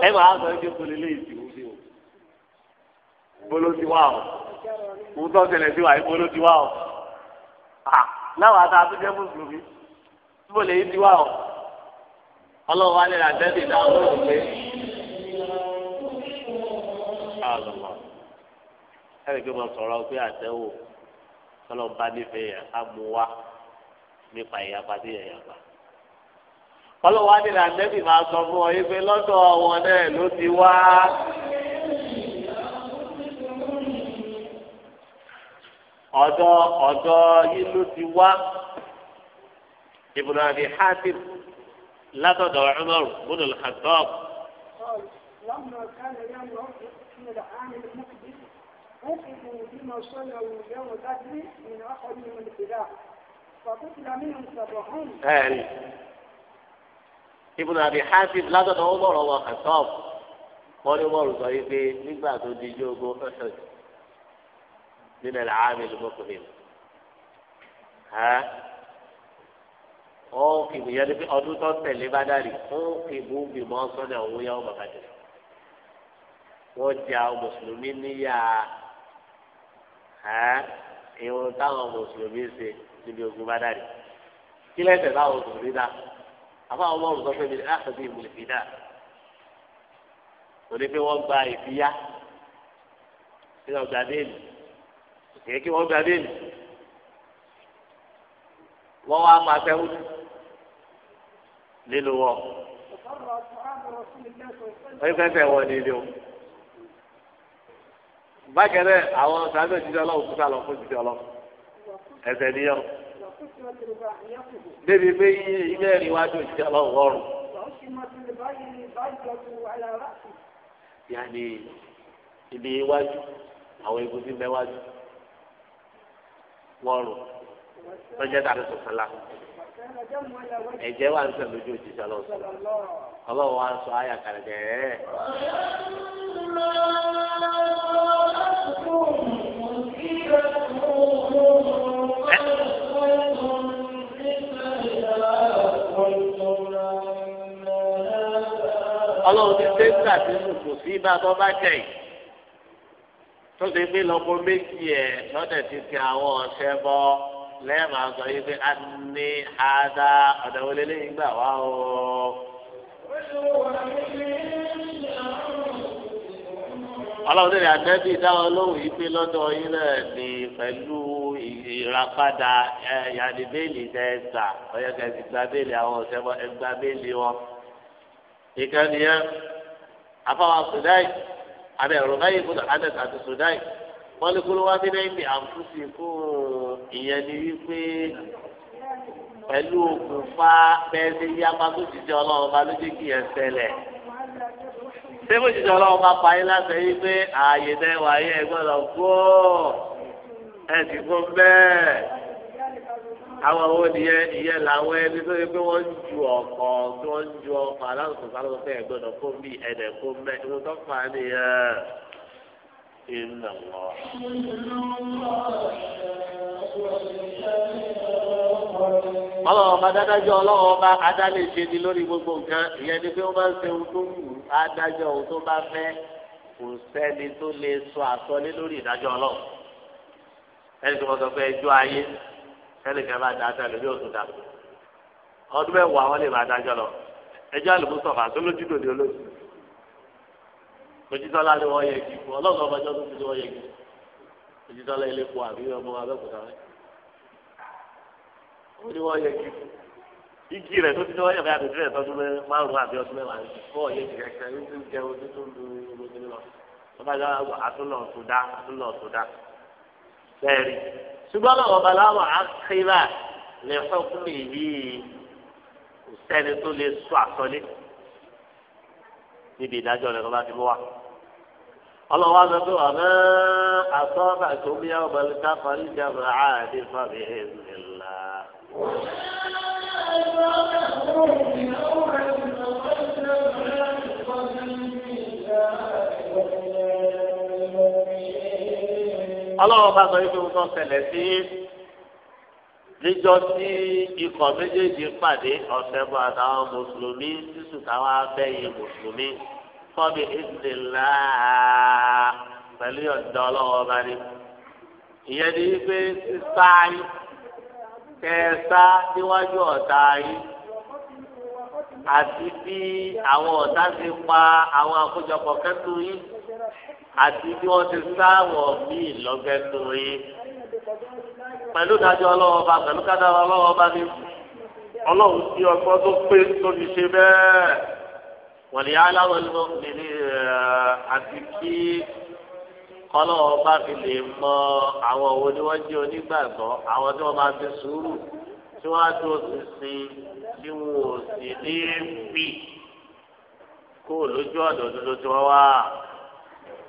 ẹ máa sọ ẹjọ́ kò lè léyìí tìwú sí o bolo ti wá o òun tó sí wa bolo ti wá o. Ah láwọn àti àtúndé mùsùlùmí tí mo lè yí ti wá o ọlọ́run wa ní àdẹ́sì náà ló ń pè é. ẹ̀rì pé mo sọ̀rọ̀ pé àtẹ́wò tọ́lọ́ba nífẹ̀ẹ́ yẹn á mú wá nípa ìyapa sí ìyapa. ọlọ́run wa ní àdẹ́sì máa sọ fún ọ yí pé lọ́dọ̀ wọn náà ló ti wá. ọ̀dọ̀ ọ̀dọ̀ ìlú ti wá ibùdó àbí hatim látọ̀dọ̀ Umar ibn al-Khattab. لما ibùdó àbí hatim látọ̀dọ̀ Umar ibn al-Khattab wọ́n ní wọ́n sọ yìí pé nígbà tó di jógo ọ̀sẹ̀. nínú ẹ̀ làámi lùmọ́kùnrin ẹ ó kìbù yẹn níbi ọdún tó tẹ̀lé bá dárì ó kìbù bìmọ̀ sọ́dọ̀ òun yẹn ó bàbá jẹ wọ́n jà mùsùlùmí níyà ẹ irun táwọn mùsùlùmí ṣe níbi ogun bá dárì kí lẹ́sẹ̀ báwọn mùsùlùmí dá àbáwọn ọmọ òrùn sọ pé mi ní àkàtúntì ìmùlẹ̀ fi náà torí pé wọ́n gba ìfìyà nínú ọgbà déèlì kìí kí wọ́n gba béèlì wọ́n wá máa fẹ́ wúlò lílo wọ́ wọ́n fẹ́ fẹ́ wọ nílé o bákẹ́rẹ́ àwọn sábẹ́ jíjẹ́ ọlọ́run kúta lọ fún jíjẹ́ ọlọ́run ẹsẹ̀ níyàn débi pé ilé ẹ̀rí wá dùn jíjẹ́ ọlọ́run wọ́rùn. yàní ibi iwájú àwọn egun ti bẹ wọ́ọ̀rù lọ́jọ́ tàbí sọ̀tàlá ẹ̀jẹ̀ wà ń sọ lójú òjijì ọlọ́sọ ọlọ́wọ́ wa ń sọ ayà kàrẹ̀kẹ̀ ẹ̀. ọlọ́run ti ṣe ń gbà sínú kò sí ibà tó bá jẹ̀ yìí tó ti gbé lọ́kọ méjì ẹ̀ lọ́dẹ̀ ti fi àwọn ọ̀sẹ̀ bọ́ lẹ́ẹ̀ma sọ yìí pé a ní ada ọ̀dọ̀ wọlé lẹ́yìn gbà wá o. ọlọ́run tẹ̀lé àtẹ́bí dáhùn olóhùn yìí pé lọ́dọ̀ yín náà ní pẹ̀lú ìrapadà yàrá béèlì tẹ̀sà ọ̀yẹ́kẹ́ ti gba béèlì àwọn ọ̀sẹ̀ bọ́ ẹgbà béèlì wọn. ìkànnì yẹn afọwọ́sùn abẹ rọgáyé fún adẹsẹ àti sudai wọn lè kúrò wá sí lẹ́yìn bí àǹfùsì fún ìyẹn ni wípé pẹ̀lú òkùnfà bẹ́ẹ̀ ṣe yí apákó jíjẹ Ọlọ́run bá ló jẹ kí yẹn ṣẹlẹ̀ ṣé bó jíjẹ Ọlọ́run bá pa yín láṣẹ yí pé ààyè náà wáyé ẹ gbọ́dọ̀ gbọ́ ẹ sì fún bẹ́ẹ̀ àwọn owó nìyẹn ìyẹn làwọn ẹni tó yẹ pé wọ́n ń ju ọkọ̀ tí wọ́n ń ju ọkọ̀ aláwùsọ̀ sálọ́wọ́ fẹ́ ẹ̀gbọ́dọ̀ kó mi ẹ̀dẹ̀ kó mẹ́ ìwọ tó fà á nìyẹn. إلا الله ọlọ́run ọba dádájọ́ ọlọ́run ọba adálè ni lórí gbogbo nǹkan ìyẹn ni pé ó máa ń ṣe ohun tó wù ú adájọ́ ohun tó bá fẹ́ kò sẹ́ni tó lè sọ àsọlé lórí ìdájọ́ ọlọ́run sẹ́nìkan bá dáa sẹ́lẹ̀ yóò tún dáa ọdún mẹ́wàá wọn lè máa dájọ́ lọ ẹjọ́ àlùmọ́sọ̀fà tó lójú lòdì olóòtú ojútọ́lá ni wọ́n yẹ kí ọlọ́run ọbàjọ́ tó fi wọ́n yẹ kí ojútọ́lá ilé po àbí ọmọ abẹ́kúta rẹ̀ ó ní wọ́n yẹ kí igi rẹ̀ tó ti wọ́n yẹ kí àbẹ̀tí rẹ̀ tọ́jú márùn-ún àbí ọdún mẹ́wàá rẹ̀ fọ́ yẹ kí kẹ̀kẹ́ ń tún jẹun tó tún tó dá àtúnlọ̀ tó ṣùgbọ́n lọ́wọ́ baláwọ̀ àkìrà lè fọ́kùnrin yìí sẹ́ni tó lè sọ àsọlé níbi ìdájọ́ rẹ̀ lọ́ba ti mú wa. ọlọ́wọ́ aṣọ pé wà mẹ́ àtọ́nà tó bí ẹ ọmọ níta parí àdé fàmì ẹ̀ ọlọ́run bá sọ wípé wọ́n ṣẹlẹ̀ sí níjọ tí ikọ̀ méjèèjì pàdé ọ̀sẹ̀ bọ̀ àtàwọn mùsùlùmí sísù táwọn abẹ́yẹ mùsùlùmí fọ́bi ìdìlá pẹ̀lú ọ̀dọ́ ọlọ́run ọba ni. ìyẹn ni wípé sísá yín kẹsà níwájú ọ̀tá yín àti bí àwọn ọ̀tá ti pa àwọn àkójọpọ̀ kẹ́tù yín àti bí wọ́n ti sáwọ̀ míì lọ́gbẹ́ tó yín pẹ̀lú dájọ́ ọlọ́wọ́ bá pẹ̀lú kádàrá ọlọ́wọ́ bá ní ọlọ́run tí ọgbọ́n tó pé tó fi ṣe bẹ́ẹ̀ wọ́n ní aláwọ̀ ló ń bì ní àti kí ọlọ́wọ́ bá fi lè mọ àwọn òwò ni wọ́n jẹ́ onígbàgbọ́ àwọn tí wọ́n máa fi sùúrù tí wọ́n á tó sinsin tí wọ́n ò sì ní bì kó lójú ọ̀dọ̀ dúdú tí wọ́n wá.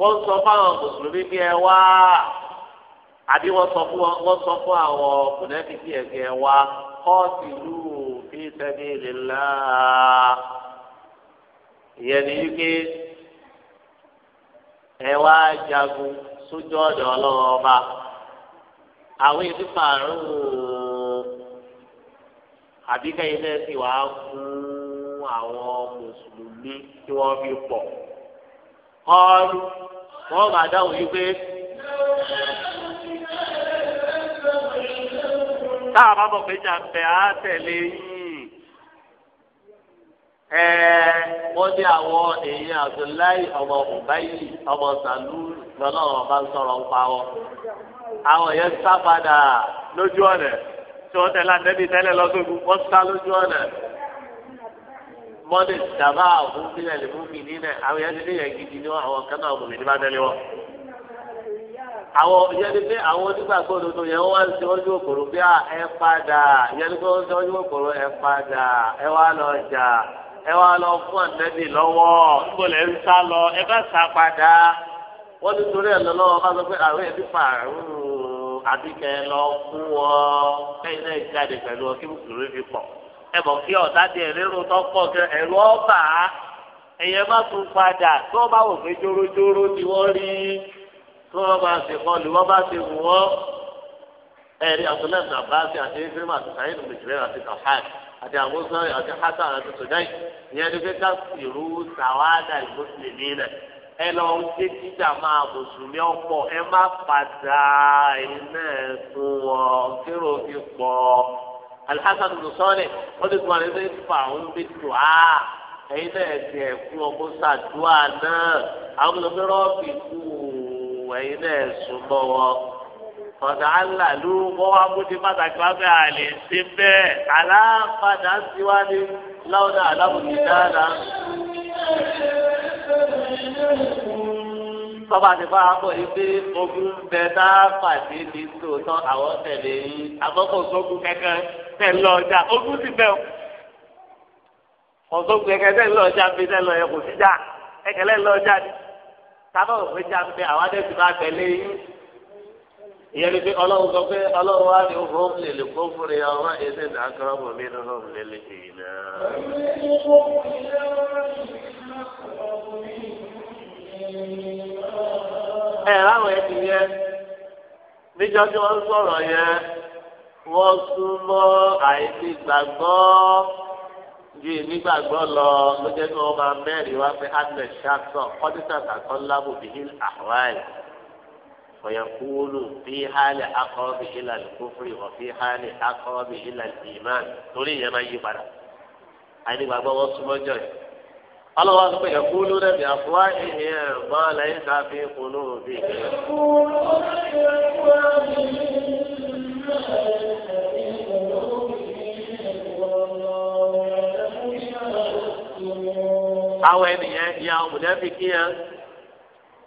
wọ́n sọ fáwọn mùsùlùmí bí ẹ wá àbí wọ́n sọ fún wọ́n sọ fún àwọn kùnẹ́bí bí ẹ̀gẹ́ wá kọ́ọ̀tì lù fi sabilillah ìyẹn ni wípé ẹ wá jagun sójú ọ̀dọ̀ ọlọ́run ọba àwọn ìdí màrún àbíkẹ́yìn náà sì wá fún àwọn mùsùlùmí tí wọ́n fi pọ̀ kọ́ọ̀lù wọ́n máa dáhùn yìí pé tá a bá bọ̀ pé jàǹbẹ̀ á tẹ̀lé yìí ẹ wọ́n ní àwọn èèyàn Abdullahi ọmọ Ubayi ọmọ Sàlú lọ́nà ọba ń sọ̀rọ̀ ń pa wọn àwọn yẹn sá padà lójú ọ̀nà tí wọ́n tẹ̀lé àtẹ́bí tẹ́lẹ̀ lọ́sọ̀gbù wọ́n sá lójú ọ̀nà. kọ́lé dàbá òun sílẹ̀ lè mú mi nínú àwọn nílé yẹn gidi ni wọn àwọn kan náà mú ní bá wọn. àwọn ni pé àwọn wọ́n wá ń ọjọ́ òkòrò bí ẹ padà ni pé ọjọ́ òkòrò ẹ padà ẹ wá lọ jà ẹ wá lọ fún lọ́wọ́ ẹbọ kí ọ̀tá di ẹ̀rẹ́rù tọ́pọ̀ kẹ ẹ̀rù ọ̀bà ẹ̀yẹ má tún padà tí wọ́n bá wò pé jórojóró ni wọ́n rí tí wọ́n bá ṣe kọ́ ni wọ́n bá ṣe wù wọ́n. ẹ̀rí abdullahi abbas àti ibrahim àti sa'id mùsùlùmí àti sahad àti àmúsọ àti hasan àti sudan ìyẹn ni pé ìrú sàwádà ìmùsùlùmí rẹ̀ ẹ lọ ń ké jíjà máa mùsùlùmí ọ̀pọ̀ ẹ má padà iná ẹ̀ fún wọn kí alhassan lusọ́ọ̀lẹ̀ wọ́n ti tún àlejò ìfà òun bí tù á ẹ̀yin náà ti ẹ̀kú ọkọ̀ sàdúà náà àwọn olùgbé rọ́ọ̀bì kù ẹ̀yin náà sùn bọ̀ wọ́n ọ̀dà ńlá ló wọ́n wá mú di pàtàkì wá fẹ́ àlè ṣe bẹ́ẹ̀ aláfàdà sí wá ní láwọn alábòkè dáadáa. Tọ́ba ti bá a yìí pé ogun bẹ tá a pàdé ní tòótọ́ àwọn tẹ̀lé yìí. Àkọ́kọ́ sógun kẹ́kẹ́ tẹ̀ lọ ọjà ogún sì bẹ́ẹ̀ ọ̀sọ́gun kẹ̀kẹ́ tẹ̀ lọ ọjà bí tẹ̀ lọ yẹ kò sí dà kẹ̀kẹ́ lẹ̀ lọ ọjà ni sábà òfin já ń bẹ àwọn adé ti máa tẹ̀lé yín ìyẹn ni pé ọlọ́run sọ pé ọlọ́run wá ní òfò lè lè kó fún mi ọmọ èdè náà kọ́ mọ̀ mí nínú mi lè yìí náà. ẹ láwọn ẹ ti yẹ níjọ́ tí wọ́n sọ̀rọ̀ yẹn wọ́n súnmọ́ àìsí gbàgbọ́ ju ìnígbàgbọ́ lọ ló jẹ́ kí wọ́n máa mẹ́rin wá pé adlẹ̀ ṣàtọ̀ kọ́dítà sàkọ́ lábò bìhín àwáì fọyàkúlù fi hálẹ̀ akọ́bì ilà kófìrì wọ́n fi hálẹ̀ akọ́bì ilà ìmáàlì torí ìyẹn máa yí padà àìnígbàgbọ́ wọ́n súnmọ́ jọ yìí. الله أكبر يقولون بأفواههم ما ليس في قلوبهم يقولون بأفواههم àwọn ènìyàn ìyá ọmọdébí kí yẹn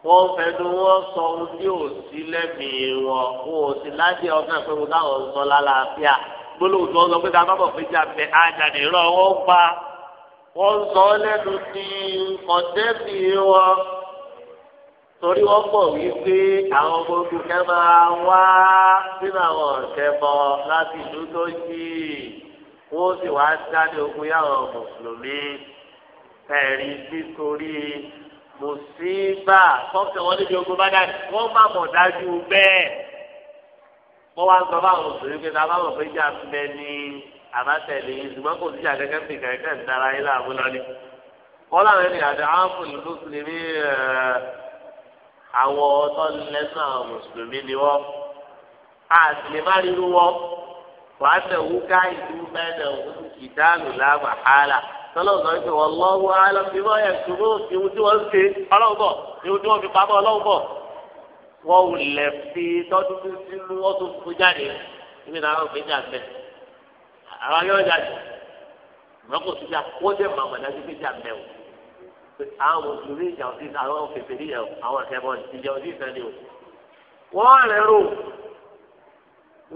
wọn fẹnu wọn sọ ohun tí ò sí lẹ́mìí wọn wọn ò sí lájẹ ọgbẹ́ pé wọn táwọn sọ lálàáfíà gbólóhùn tó ń sọ pé ká má bọ̀ pé jà bẹ àjàdé rọ wọn pa wọn sọ lẹ́nu ní ọ̀dẹ́bí wọn torí wọ́n mọ̀ wípé àwọn gbogbo kẹ́ máa wá sínú àwọn ọ̀sẹ̀ bọ̀ láti ìlú tó jì wọ́n sì wá dáadé ogun yàwọn mùsùlùmí ẹ̀rí nítorí mùsíbà kọ́kẹ́ wọn níbi ogun bá dáadé wọ́n má mọ̀ dájú bẹ́ẹ̀ wọ́n wá ń sọ fáwọn mùsùlùmí pé táwọn mọ̀ pé jà mẹ́ni àbátẹ̀lẹ̀ yìí kò sí jà fi kẹ́kẹ́ ń tara yín láàbù lọ́ni. wọ́n láwọn ènìyàn àwọn ọ̀tọ̀ lẹ́nu àwọn mùsùlùmí ni wọ́n àtìlẹ́ má rí wọ́n wàá tẹ̀ wú ká ìlú mẹ́rin òun ìdáàlú láàmà hàlà tọ́lọ́wọ́ sọ pé wọ́n lọ́wọ́ àlọ́ fi mọ́ ẹ̀ ṣùgbọ́n ìhun tí wọ́n ń ṣe ọlọ́wọ́ bọ̀ ìhun tí wọ́n fi pamọ́ ọlọ́wọ́ bọ̀ wọ́n ò lẹ̀ fi tọ́dún tó sínú wọ́n tó fún jáde níbi náà wọ́n fi jà bẹ́ẹ̀ àwọn akẹ́wọ́n jáde ìmọ̀kò síjà wọ́n jẹ́ màmá àwọn mùsùlùmí ìjà òsì àwọn fèfèrè yẹn àwọn ìkẹ́bọ̀ ìjà òsì ìsẹ́ni o. wọ́n rẹ̀ rò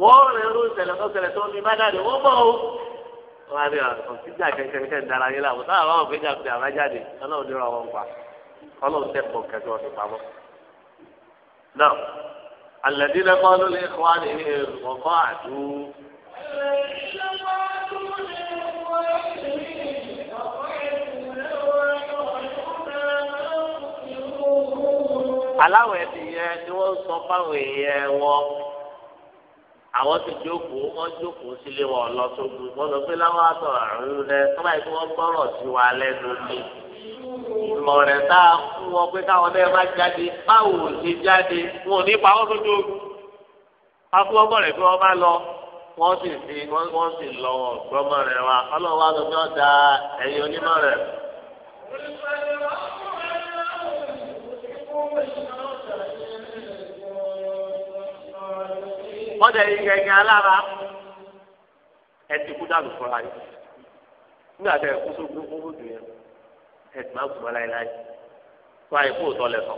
wọ́n rẹ̀ rò ìṣẹ̀lẹ̀ tó ṣẹlẹ̀ tó ń bí bájáde wọ́n bọ̀ o. wọ́n á rí ọ̀sídà kẹ̀kẹ́ ń dara yín láwọn táwọn àwọn òfin jà pé àbájáde ọlọ́run ní ọ̀rọ̀ wọn pa ọlọ́run tẹ̀kọ̀ kẹ̀kẹ́ ọ̀sìn pamọ́. náà alẹ́ aláwọ̀ ẹ̀sìn yẹn ni wọ́n sọ fáwọn èèyàn wọn àwọn ti jókòó wọn jókòó sílé wọn lọ sógun wọn lọ pé láwọn àtọ àrùn rẹ tó báyìí kí wọn gbọ́rọ̀ sí wa lẹ́nu ni ìmọ̀ràn tá a fún wọn pé káwọn náà má jáde báwo ṣe jáde wọn ò ní pa wọn lójú ogun afúnwọ́gbọ́ rẹ̀ kí wọ́n bá lọ wọ́n sì fi wọ́n sì lọ ọ̀gbọ́mọ rẹ̀ wa ọlọ́wọ́ àtọ́jọ́ da ẹ̀yin onímọ̀ rẹ̀. wọ́n dẹ̀ yí gẹ́gẹ́ alára ẹ ti kú dànù fúnra yìí nígbà tẹ kú tó gbé fún bòdù yẹn ẹ ti má gbọ́ láéláé tó àyè kó tọ́ lẹ sọ.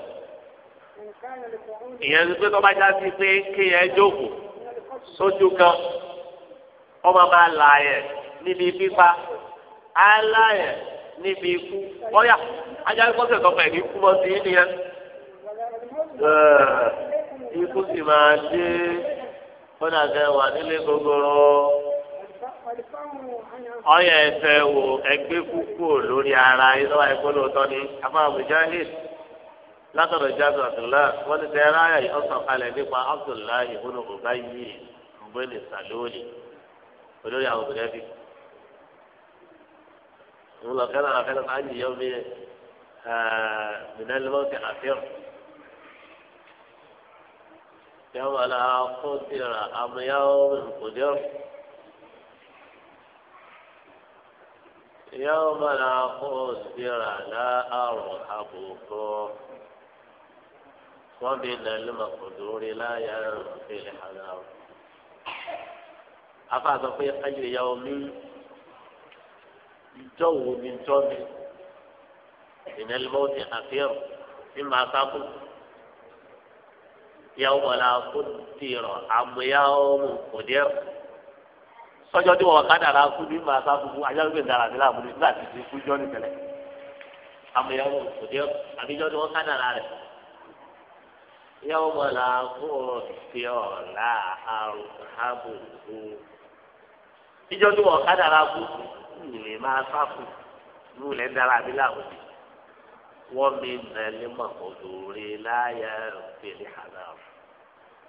ìyẹn ti pé tó bá já sí pé kéèyàn jókòó sójú kan ọmọ bá là yẹ níbi pípa á là yẹ níbi ikú ọ̀yà ajá kọ́sẹ̀ tó pẹ̀lú ikú mọ́ sí nìyẹn. ikú sì máa dé. kódà kẹ wà nílé gogoro ọyọ ẹsẹ wo ẹgbẹ kúkú lórí ara yìí ẹgbẹ lóòótọ́ ni àmọ́ àbújá látọ̀dọ̀ jáde abdullahi wọ́n ti tẹ ráyà yìí ọsàn kalẹ̀ nípa abdullahi ìbúnú yìí sàlóòlì olórí àwọn obìnrin bí ń يوم لا قدر أم يوم قدر يوم لا قدر لا أرحبكم ومن المقدور لا ينفي الحذر أفاد في أي يوم جو من تومي من الموت أخير مما تقول yàwó la kó tirọ àmúyàwó òdìẹ sọjọ tí wọn kádà la kú ní ma sá fúfú ajá gbé dara sí làbúrò nígbà tí ti kú jọ nìkẹlẹ àmúyàwó òdìẹ àbíjọ tí wọn kádà la rẹ yàwó la kó tirọ la tí wọn kádà la kú ní ma sá fúfú ní ilẹ̀ dara sí làbúrò. ومن المقدور لا يرفي الحذر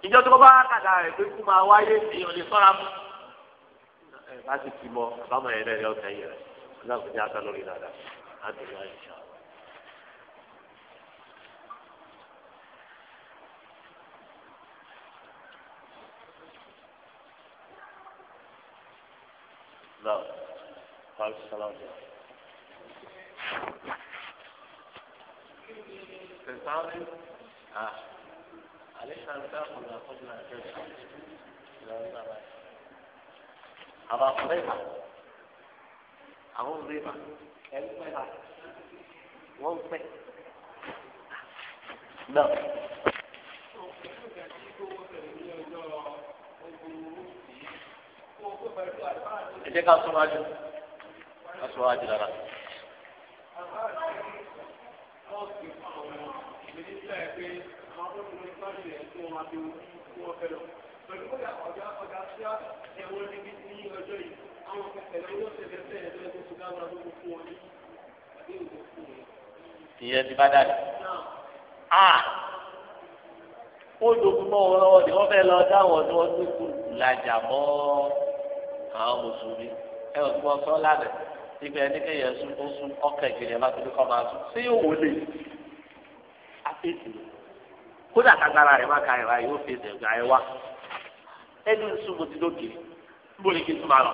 ìjọ tí wọn bá kàdà rẹ pé kó máa wáyé sí ọdẹ sọra mú. ẹ bá tó ba kada í kú maa àbámọ̀ yẹn náà yọ mo yẹn rẹ ọlọ́run kò ni ata lórí dáadáa láti rí àyè sáà. Love. Five, seven, eight. تسعين آه عليك أن تأخذ أخذنا تسعة أبا قريبة أبو قريبة wọ́n pẹ́. Náà. Ẹ jẹ́ ká sọ wájú. Ká sọ wájú dára ọ̀sìn fáwọn ọmọ mínísítà ẹ̀ pé àwọn akókòrò fáwọn ẹ̀ tí wọ́n máa fi kú wọn fẹ́ lọ. pẹ̀lú kó yà ọ̀gá ọ̀gá síá ẹ̀wọ̀n níbi ní ọjọ́ yìí àwọn kẹsẹ̀lẹ̀ owó ṣẹlẹ̀ fẹ́ẹ̀ lọ́wọ́ tó ti dáwọn fún wọn ní àdéhùn fún wọn. ìyẹn ti bá dàdí. ó dogun mọ́ wọn lọ́wọ́ ni wọ́n fẹ́ lọ dáwọ̀ ni wọ́n tó kù làjà mọ́ àwọn mùsùlùmí ẹ̀ ibi ẹni kéèyàn sún ó sún ọkàn ìgbìyànjú bá tóbi kọ́ máa sún sí yóò wọlé àfẹ́sì kódà kagbara rẹ̀ má ka ẹ̀ wá yóò fèsì ẹ̀gbà ẹ̀ wá ẹni ń sún mo ti lókè níbo ni kí n tún máa lọ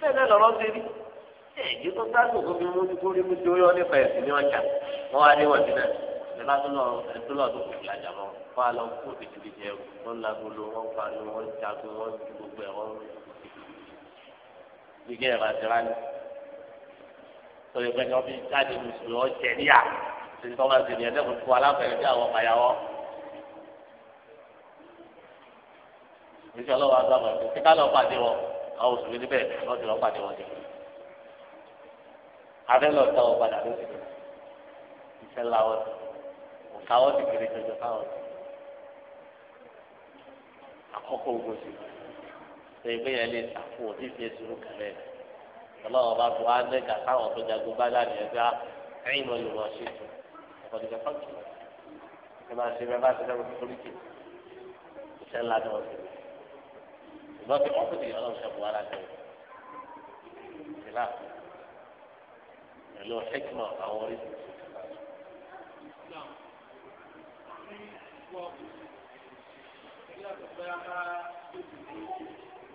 bẹ́ẹ̀ náà lọ́rọ́ ṣe rí ẹ̀jẹ̀ tó gbádùn kó fi mú ní kórè mú tó yọ nípa ẹ̀sìn ní ọjà wọ́n wá níwọ̀n sí náà ẹ bá tún lọ ẹ tún lọ tó kò fi àjà mọ́ wọn á lọ kó bìtìbìtì wọn lágbolo wọn pariwo wọn jagun wọn gbogbo ẹ̀ wọn bí kí ẹ máa ṣe rání sọ̀rọ̀ ìgbẹ́ ni wọ́n fi jáde mùsùlùmí ọ̀jẹ̀ níyà títí tó máa ṣèlú ẹ̀dẹ́kùn fún aláfẹ́rẹ́ bí àwọn ọ̀pàyàwọ́. ìṣẹ́ ọlọ́wọ́ agbábọ̀ ẹ̀ ṣe ká lọ́ọ́ pàdé wọn àwọn òṣèlú níbẹ̀ lọ́ọ́ ti lọ́ọ́ pàdé wọn jẹ. abẹ́ lọ ta ọ padà lóṣù iṣẹ́ làwọn òkàwọ́ ti kéré jọjọ fáwọn àkọ́kọ́ ogun sí i ṣe pé yẹn lè sàkó òfìfì sùúrù kẹlẹ ọlọ́run bá fọ anẹgà táwọn tó jagun bá dà nìyẹn gbá ẹ̀yìn mọ yorùbá ṣe tó ọkọdé kẹ fọkì ẹ máa ṣe bẹ́ẹ̀ bá ṣe fẹẹ fọlí kì iṣẹ́ ńlá ni wọn ṣe ìgbọ́n tí wọ́n fìdí ọlọ́run ṣe bọ̀ wára jẹun ìlà pẹ̀lú hekima àwọn oríṣiríṣi ìṣẹ̀lẹ̀.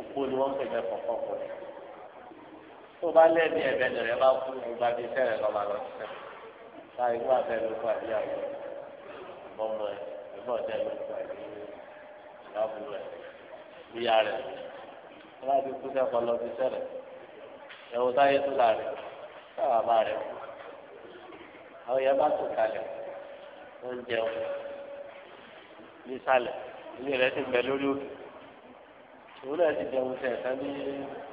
òpó ni wọ́n fẹ̀gbẹ́ kọ̀ọ̀kan pọ̀ ní. tó bá lẹ́ẹ̀mí ẹ̀bẹ̀ nìrẹ́ bá fún ìgbà bíi fẹ́rẹ̀ lọ́ba lọ sí ẹ̀ láì wá abẹ́rẹ́ fún àdíyàwó ọmọ ẹ̀ ẹ̀gbọ́n ọ̀dẹ́ ló fún àdíyàwó ìyàwó rẹ̀ ìyá rẹ̀ aláàbí kú sẹ́kọ̀ọ́ lọ sí sẹ́rẹ̀ ẹ̀wọ̀n táyé tó la rẹ̀ sábà bá rẹ̀ àwọn yẹn bá tún kalẹ̀ oúnjẹ nísàlẹ̀ ilé rẹ̀ ti bẹ̀ lórí òkè òun náà ti jẹun sẹ ẹ̀ka ní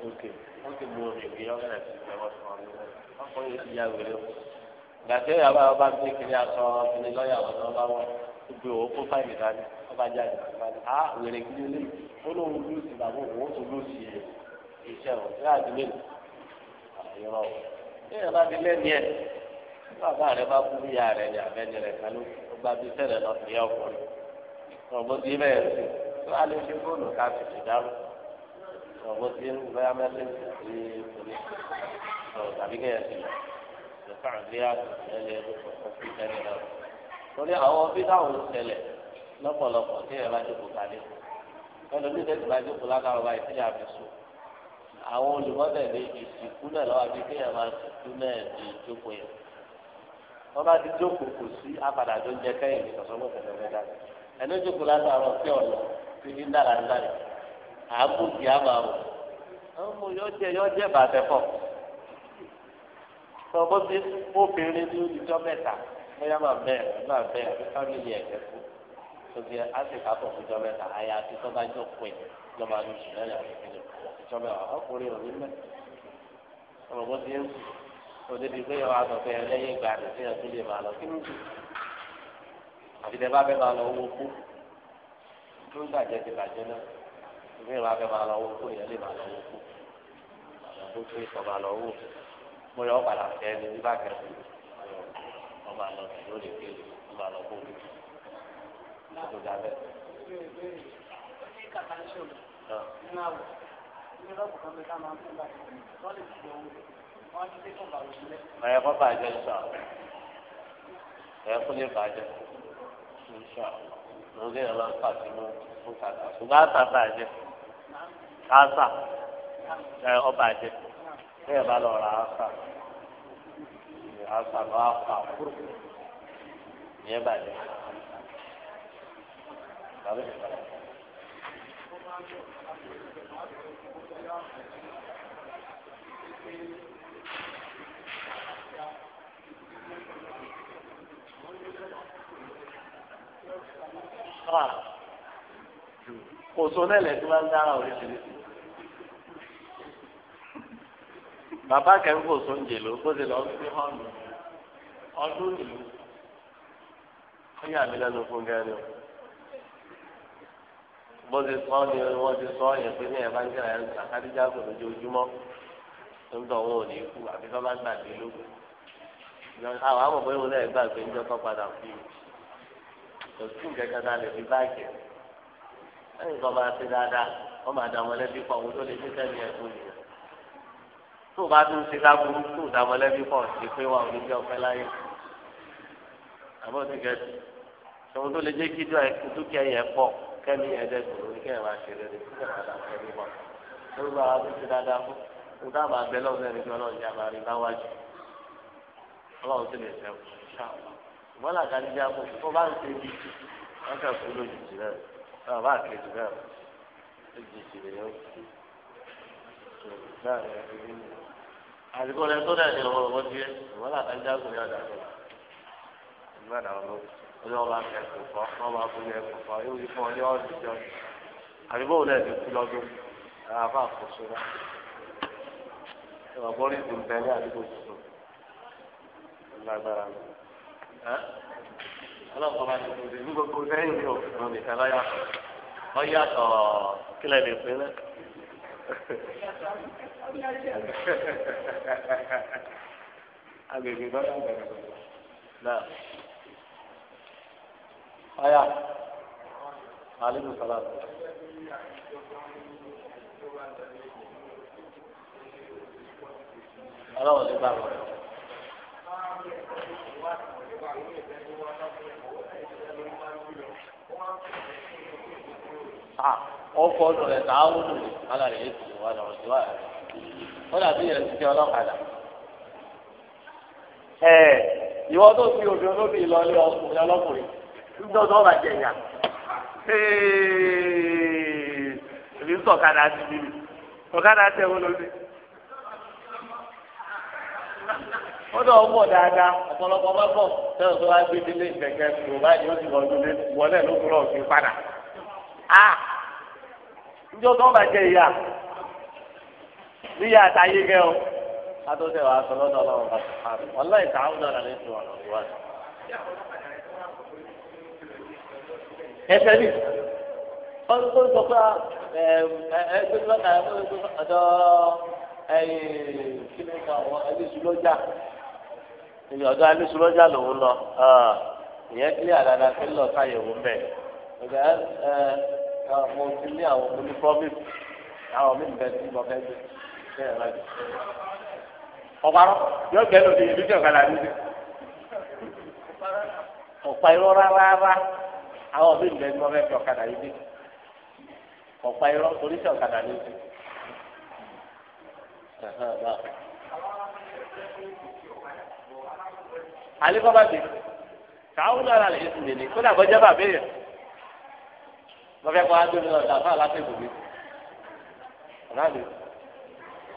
òkè wọ́n ti mú omi ìgbé ọ̀gá náà ti jẹun fún ọmọ rẹ̀ ọkọ̀ yìí ti yá wẹ̀rẹ̀ o. gbàtẹ́ ìyàwó àwọn bá gbé kiri aṣọ kiri lọ́ọ̀yà wọn náà bá wọn gbé òun kó fáìlì dání wọ́n bá jáde dání á wẹ̀rẹ̀ kiri lé ó lóun ló sì bàbá òun ó tún ló sì yẹ iṣẹ́ wọn ní àdúgbò àyọ̀rọ̀ o. ní ìyàrá ti lẹ́ni ẹ̀ bàbá rẹ̀ bá kú ìyá rẹ̀ tó a lè ṣe góòlù ká fi ṣèdárò ọ̀bọ tí ń bá mẹ́sẹ̀sì sí orí ọ̀rọ̀ tàbí kẹ́yẹ̀ sí lọ lọ́sọ̀ àbí àtúntẹ̀lẹ̀ ọ̀pọ̀ sí tẹ́lẹ̀ lọ. torí àwọn bí táwọn ṣẹlẹ̀ lọ́pọ̀lọpọ̀ tí ẹ̀rọ ajókòó kalẹ̀ pẹ̀lú bí ìdẹ́sì bá jókòó lágbára wa ìpínlẹ̀ àbísù àwọn olùmọ́tẹ̀lẹ̀ ìsìnkú náà lọ́wọ́ àbí kẹ́yẹ̀ máa sìnkú náà di ìjókòó yẹn wọ́n bá ti jókòó kò sí apàdàjọ́ jẹ kẹ́yìn ìsọ̀sọ́gbọ̀n pẹ̀lú ẹ̀dá ẹni ti ní dáradára yìí àágùn kì á máa wò àwọn ọmọ yóò jẹ yóò jẹ bàtẹ pọ sọ bó ti obìnrin ní ìjọ mẹ́ta bóyá máa bẹ́ẹ̀ máa bẹ́ẹ̀ fámìlì ẹgbẹ́ fún tóbi àtìkápọ̀ fún ìjọ mẹ́ta àyà àti tó bá jọ pé lọ́ba ní oṣù mẹ́rin àti ìpínlẹ̀ ìjọ mẹ́wàá ọkùnrin ò ní mẹ́ sọ bó ti pé yọ àtọ̀ pé ẹlẹ́yìn ìgbà àti ìpínlẹ̀ máa lọ kí ló dé àbí tẹ bá fẹ́ máa lọ owó kú tó ń bàjẹ́ ti bàjẹ́ náà ìwé ìwà fẹ́ máa lọ wó kó ìyẹn lè máa lọ wó kó àwọn tó gbé kọ́ máa lọ wó mo yọ ọ̀padà fẹ́ ẹni bí bá kẹ́kọ̀ọ́ wọ́n máa lọ sí lórí ìpele wọ́n máa lọ bó mi tó dá bẹ́ẹ̀. Ẹ kọ́ bàjẹ́ sọ, ẹ kún lè bàjẹ́ sọ. lórí ẹ̀rọ pàṣẹ mú fún kàkà ṣùgbọ́n àtàtà ẹ̀jẹ̀ kásà ẹ̀ ọba ẹ̀jẹ̀ bẹ́ẹ̀ bá lọ ra àṣà àṣà àpà kúrò ìyẹn bàjẹ́ Thank you. kọ́ ah. kò so nílẹ̀ tí wọ́n ń dára oríṣiríṣi. bàbá kẹ́mi kò so ń jèlò bó ti lọ sí hànú ọdún ìlú ó yà mí lẹ́nu fún gẹ́rẹ́ o bó ti sọ ni wọ́n ti sọ yẹn pé ní ẹ̀ ń jẹ́ àyàn àkádíjà kò lójoojúmọ́ tó ń tọ̀ wọn kú àfi tó bá gbàgbé lóko àwọn àmọ̀ bóyá wọn náà ń jọ́ tó padà fún un kò sí nǹkan kan náà lè fi báàgì lẹ́yìn kan máa ṣe dáadáa wọ́n máa dá mọ̀lẹ́bí pọ̀ wọ́n tó lè ní sẹ́ni ẹ̀kún yìí tó o bá tún ṣe láburú tó o dá mọ̀lẹ́bí pọ̀ sí pé wà ní ìjọ ọ̀fẹ́ láyé àbọ̀ ní gẹ̀ẹ́sì ṣòwò tó lè jẹ́ kí dúkìá yẹn pọ̀ kẹ́mi ẹ̀ẹ́dẹ́gbẹ̀rún ní kẹ́mi ṣe rẹ̀ ní kí kẹ́mi máa dá mọ̀lẹ́bí pọ̀ bá tún ṣe dáadáa fún un dábàá bẹ́ẹ̀ lọ́wọ́ ṣùgbọ́n làkàdé bí akọ tó bá ń ṣe bí wọ́n kà kú lójijì náà náà bá kejì náà lójijì rẹ̀ yóò kú àdìgbò rẹ̀ tó dàdí ọmọ ọmọ díẹ̀ ṣùgbọ́n làkàdé bí akọ yóò dàgbà ìgbà náà lọ ọjọ́ ọba kẹ́kọ̀ọ́ kọ́ ọba kúlẹ̀ kọ̀ọ̀kan yóò yí fún ọjọ́ ọdún jọ àdìgbò rẹ̀ ti kú lọ́dún ara bá kò sóra ìwà bọ́ọ̀lù ìdùnnú bẹ́ẹ̀ ní àdìgbò tuntun lágbára lọ ọlọ́pàá bá gbogbo sẹ́yìn ní òfin nìkan lọ́yà lọ́yà tọ̀ kílẹ̀ lè pín náà. agbègbè lọ́yà gbẹ̀rẹ̀ náà. ọ̀yà aleykum salaam. ọlọ́wọ́ ti bá ọkọ̀ ọdún rẹ̀ tàá wúlò ní alárẹ̀ yìí tó wà lọ́rọ̀ sí wà rẹ̀. ó dàbí ìrẹsì ti ọlọ́kadà. ẹ ìwọ tó fi òbí olóbì ìlọlé ọkùnrin mi dáadáa ọ̀pọ̀lọpọ̀ bá bọ̀ tẹ́lẹ̀ tó wá gbé délé báyìí a njọ tó ń bàjẹ́ ìyá níyà àtàyé gẹ́ o adóṣe wa sọ lọ́dọ̀ ọlọ́run bá sọ fún mi wọ́n ìta àwọn ọ̀nà lè tún ọ̀nà ìwà rẹ̀. ẹsẹ̀ mi tó sọ pé ẹ ẹ lọ́jà lòun lọ ìyẹn ah. ẹgbẹ́ ẹ mo ti ní àwọn mo ní promise àwọn mi nìkan tí mo fẹ́ gbé ṣe ẹ yóò gbẹ́ lòdì ìlú ọ̀pá irọ́ rárá àwọn mi gbé ọ̀kadà yìí dé. ọ̀pá irọ́ ọ̀kadà ní kó bàbá yẹn. lọ́fẹ́ kọ́ adó mi lọ́dà fún aláfẹ́ gbòmí ọ̀nà mi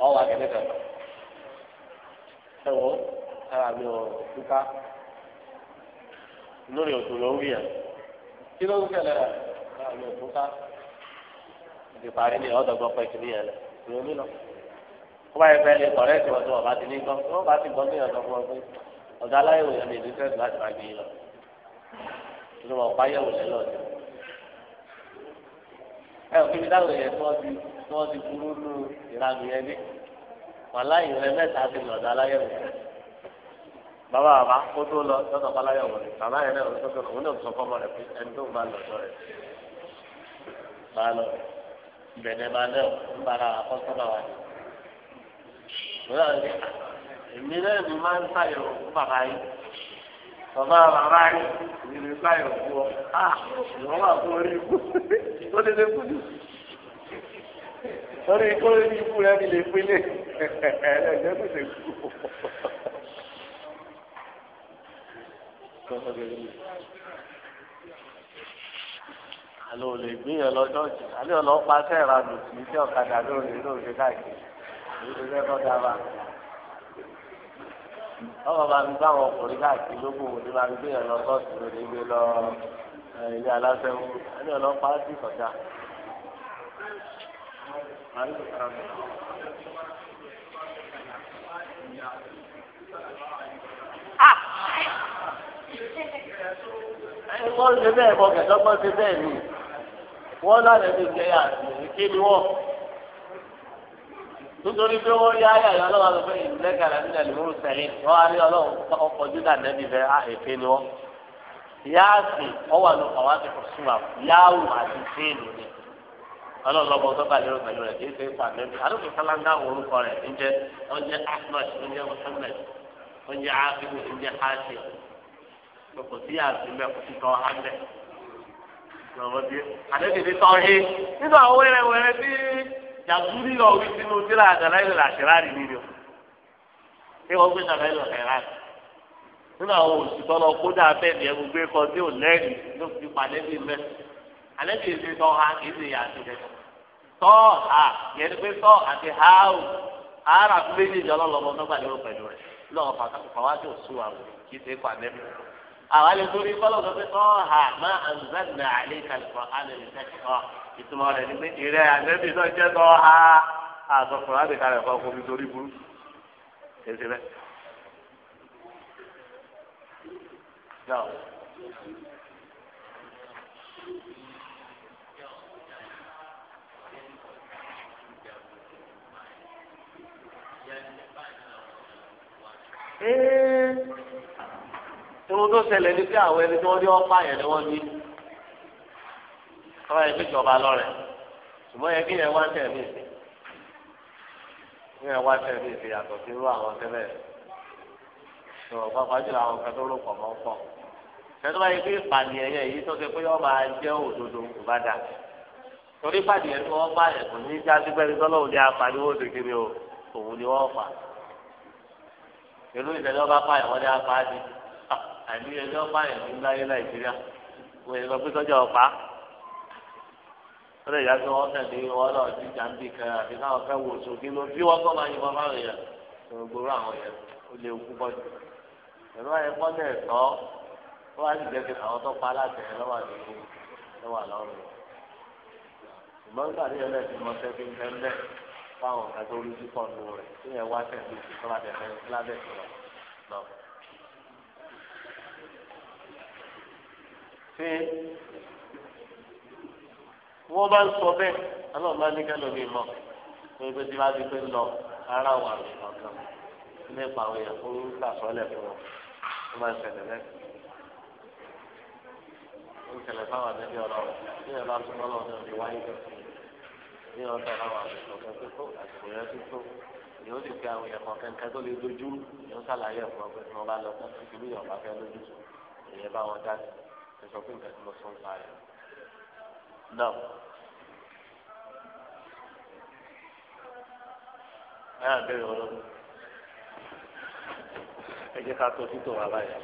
ọ̀wà kẹ́lẹ́ kan ẹ̀wọ̀ ara mi ò túká lórí òtò ló ń wíyà kí ló ń kẹlẹ̀ ara mi ò túká ìdí parí ni ọ̀dọ̀gbọ́n pẹ̀ kìíní yẹn lẹ̀ ní omi lọ wọ́n bá yẹ fẹ́ lè kọ̀rẹ́ ìtìwọ́n tí wọ́n bá ti ní gbọ́n tí wọ́n bá ti gbọ́n ní ọ̀dọ̀ fún ọ pé ọ̀dọ̀ aláyẹ̀wò yẹn lè ní sẹ́ẹ̀sì láti máa gbé yín lọ. ìlú wọn pa yẹ̀wò lẹ́lọ́ọ̀dẹ̀ ẹ ò kíni dáhùn yẹn tí wọ́n ti tí wọ́n ti burú nù ìranù yẹn ní wàhálà ìrẹ mẹ́ta ti lọ̀dọ̀ aláyẹ̀wò bàbá bàbá kó tó lọ lọ́dọ̀ aláyẹ̀wò rẹ̀ bàbá yẹn náà lọ́dọ̀ tó lọ òun náà sọ fọ́mọ rẹ̀ pé ẹni tó ń bá lọ sọ rẹ̀ bá lọ bẹ̀rẹ̀ bá lọ ń bára akọ́sọ́nà wa ni èmi náà ni máa ń sáyẹ̀wò fún bàbá yìí bàbá bàbá rẹ̀ ìrìn báyọ̀ fún ọ à wọ́n wà fún orí ikú ó lè lè kúlù lórí ikú lórí ikú rẹ̀ mi lè pélé ẹ̀ẹ́dẹ́gbẹ́ kò lè kú. Àlọ́ ò lè gbìyànjú lọ́jọ́ jù. Àlẹ́ ọ̀lọ́ pa sẹ́ẹ̀rà lòsì ní ọ̀kadà lórí lórí káàkiri. Èyí ló fẹ́ kọ́ ọmọ bá mi bá àwọn ọkùnrin káàkiri lógún òní máa ń gbé lọ sọ́ọ̀sì lónìí gbé lọ ilé aláṣẹwó ẹni ọ̀nà pàṣẹ kọjá. wọ́n ṣe bẹ́ẹ̀ bọ̀ kẹ́tọ́gbọ́n ṣe bẹ́ẹ̀ ni wọ́n lálẹ́ ní kẹ́yà kí ni wọ́n nítorí pé wọ́n yá ayé àyọ̀ ọlọ́wọ́ àgbẹ̀ ìlẹ́kà làbí nà lùmúrù sẹ́yìn wọ́n á rí ọlọ́wọ́ ọkọ̀ júdà nẹ́bí fẹ́ á èké ni wọ́n. yáàsì ọwọ́ àlọ́ àwọn àti kòsùnmà yáàwù àti séèlù ni ọlọ́lọ́bọ tó bá lérò pẹ̀lú rẹ̀ kì í ṣe pa nẹ́bí alóòkè sálángá orúkọ rẹ̀ ń jẹ́ ọjẹ́ ahmed ń jẹ́ mohammed ń jẹ́ afimu ń jẹ́ hasi kò sí àti mẹ́ kò sí tọ́ hasi lọ́wọ́ bí jàdúrí lọ wí sínú tíra àgàlà ìlú àṣírárì nínú o ṣé wọ́n gbé nàlẹ́ ìlú àṣírárì nínú àwọn òṣìṣẹ́ lọ kó dáa bẹ́ẹ̀ ni ẹ̀mú gbé kọ tí ò lẹ́rìí ló fi pàdé bí mẹ́ alẹ́ bí èsì tọ́ ha kì í ṣe yàtọ̀ kẹ́kẹ́ tọ́ ha yẹn ni pé tọ́ àti ha o ara fún méjì ìjọ lọ́lọ́mọ nígbà lérò pẹ̀lú rẹ̀ lọ́wọ́ fàwájú òṣùwà wò kì í ṣe pàdé mi àwọn alẹ́ torí kọ́lọ́ sọ pé tọ́ ha má àǹzánà àlẹ́ kàlùkọ́ ìtumọ̀ rẹ̀ ni pé ìrẹ́ àgbẹ̀bí náà jẹ́ tọ́ ha àtọkùnrin àbíkalẹ̀ kan kò fi torí burú èsì rẹ̀. Ee, ohun tó ṣẹlẹ̀ ni pé àwọn ẹni tí wọ́n ní ọ́pá yẹn ni wọ́n ní tọ́wọ́ yẹ kí lọ́rẹ̀ ṣùgbọ́n yẹ kí wá tẹ̀ mí sí kí yẹn wá tẹ̀ mí sí yàtọ̀ sí irú àwọn tẹ́lẹ̀ tó pápá jùlọ àwọn kan tó rò pọ̀ mọ́ pọ̀ tẹ́tọ́ bá yẹ kí ìpànìyàn yẹn tó ṣe pé yọ́ọ́ máa jẹ́ òdodo kò bá dà torí ìpànìyàn wọ́n pààyàn kò ní í pẹ́ẹ́rẹ́ tọ́lọ́wọ́ ní apariwo dèkìrì o òun ni wọ́n fà ìlú ìtẹ̀lẹ́ ọba pààyàn wọ́n ní apá wọ́n lè yàtọ̀ wọn tẹ̀lé wọn lọ sí jàǹdì kan àti káwọn fẹ́ wò sókè ló bí wọ́n kọ́ máa yìnbọn fáwọn èèyàn gbogbo àwọn yẹn ó lè kú bọ́jú ẹ̀rọ ẹ̀kọ́ náà tọ́ wọ́n wá sì jẹ́kẹ́ àwọn tó pa aláṣẹ lọ́wọ́ àti lọ́wọ́ àlọ́run ṣùgbọ́n nígbà tí ẹlẹ́ ti mọ ń tẹ́ ńlẹ̀ fáwọn ọ̀gá tó rújú pọ̀ nù rẹ̀ tí yẹn wá sẹ́kí ti wọ́n bá ń sọ bẹ́ẹ̀ ọlọ́run bá ní kẹ́lọ́ mi mọ̀ pé pé tí wọ́n á ti pé lọ ara wà ní ọ̀kan nípa àwọn èèyàn kó ń sàsọ́lẹ̀ fún wọn wọ́n máa ń ṣẹlẹ̀ lẹ́sìn. ń ṣẹlẹ̀ fáwọn àtẹ́bí ọ̀rọ̀ ní ẹ̀rọ asọ́lọ́ náà ti wáyé ní ọ̀tọ̀ àwọn àtẹ́bí ọ̀kan tó tó àtìkò yẹn tó tó yóò sì fi àwọn ẹ̀kọ́ kẹ́kẹ́ tó lè dojú yóò sàlàyé ẹ̀kọ́ pé tí wọ́n bá lọ sí ibi ìyọ̀bá fẹ́ lójú ìyẹn bá wọn dá sí ẹ̀sọ́ pé nǹkan tí mo sọ ń pa rẹ̀. نعم ẹ bẹ̀rẹ̀ ọlọ́run ẹ jẹ́ ká tó títò wà báyìí.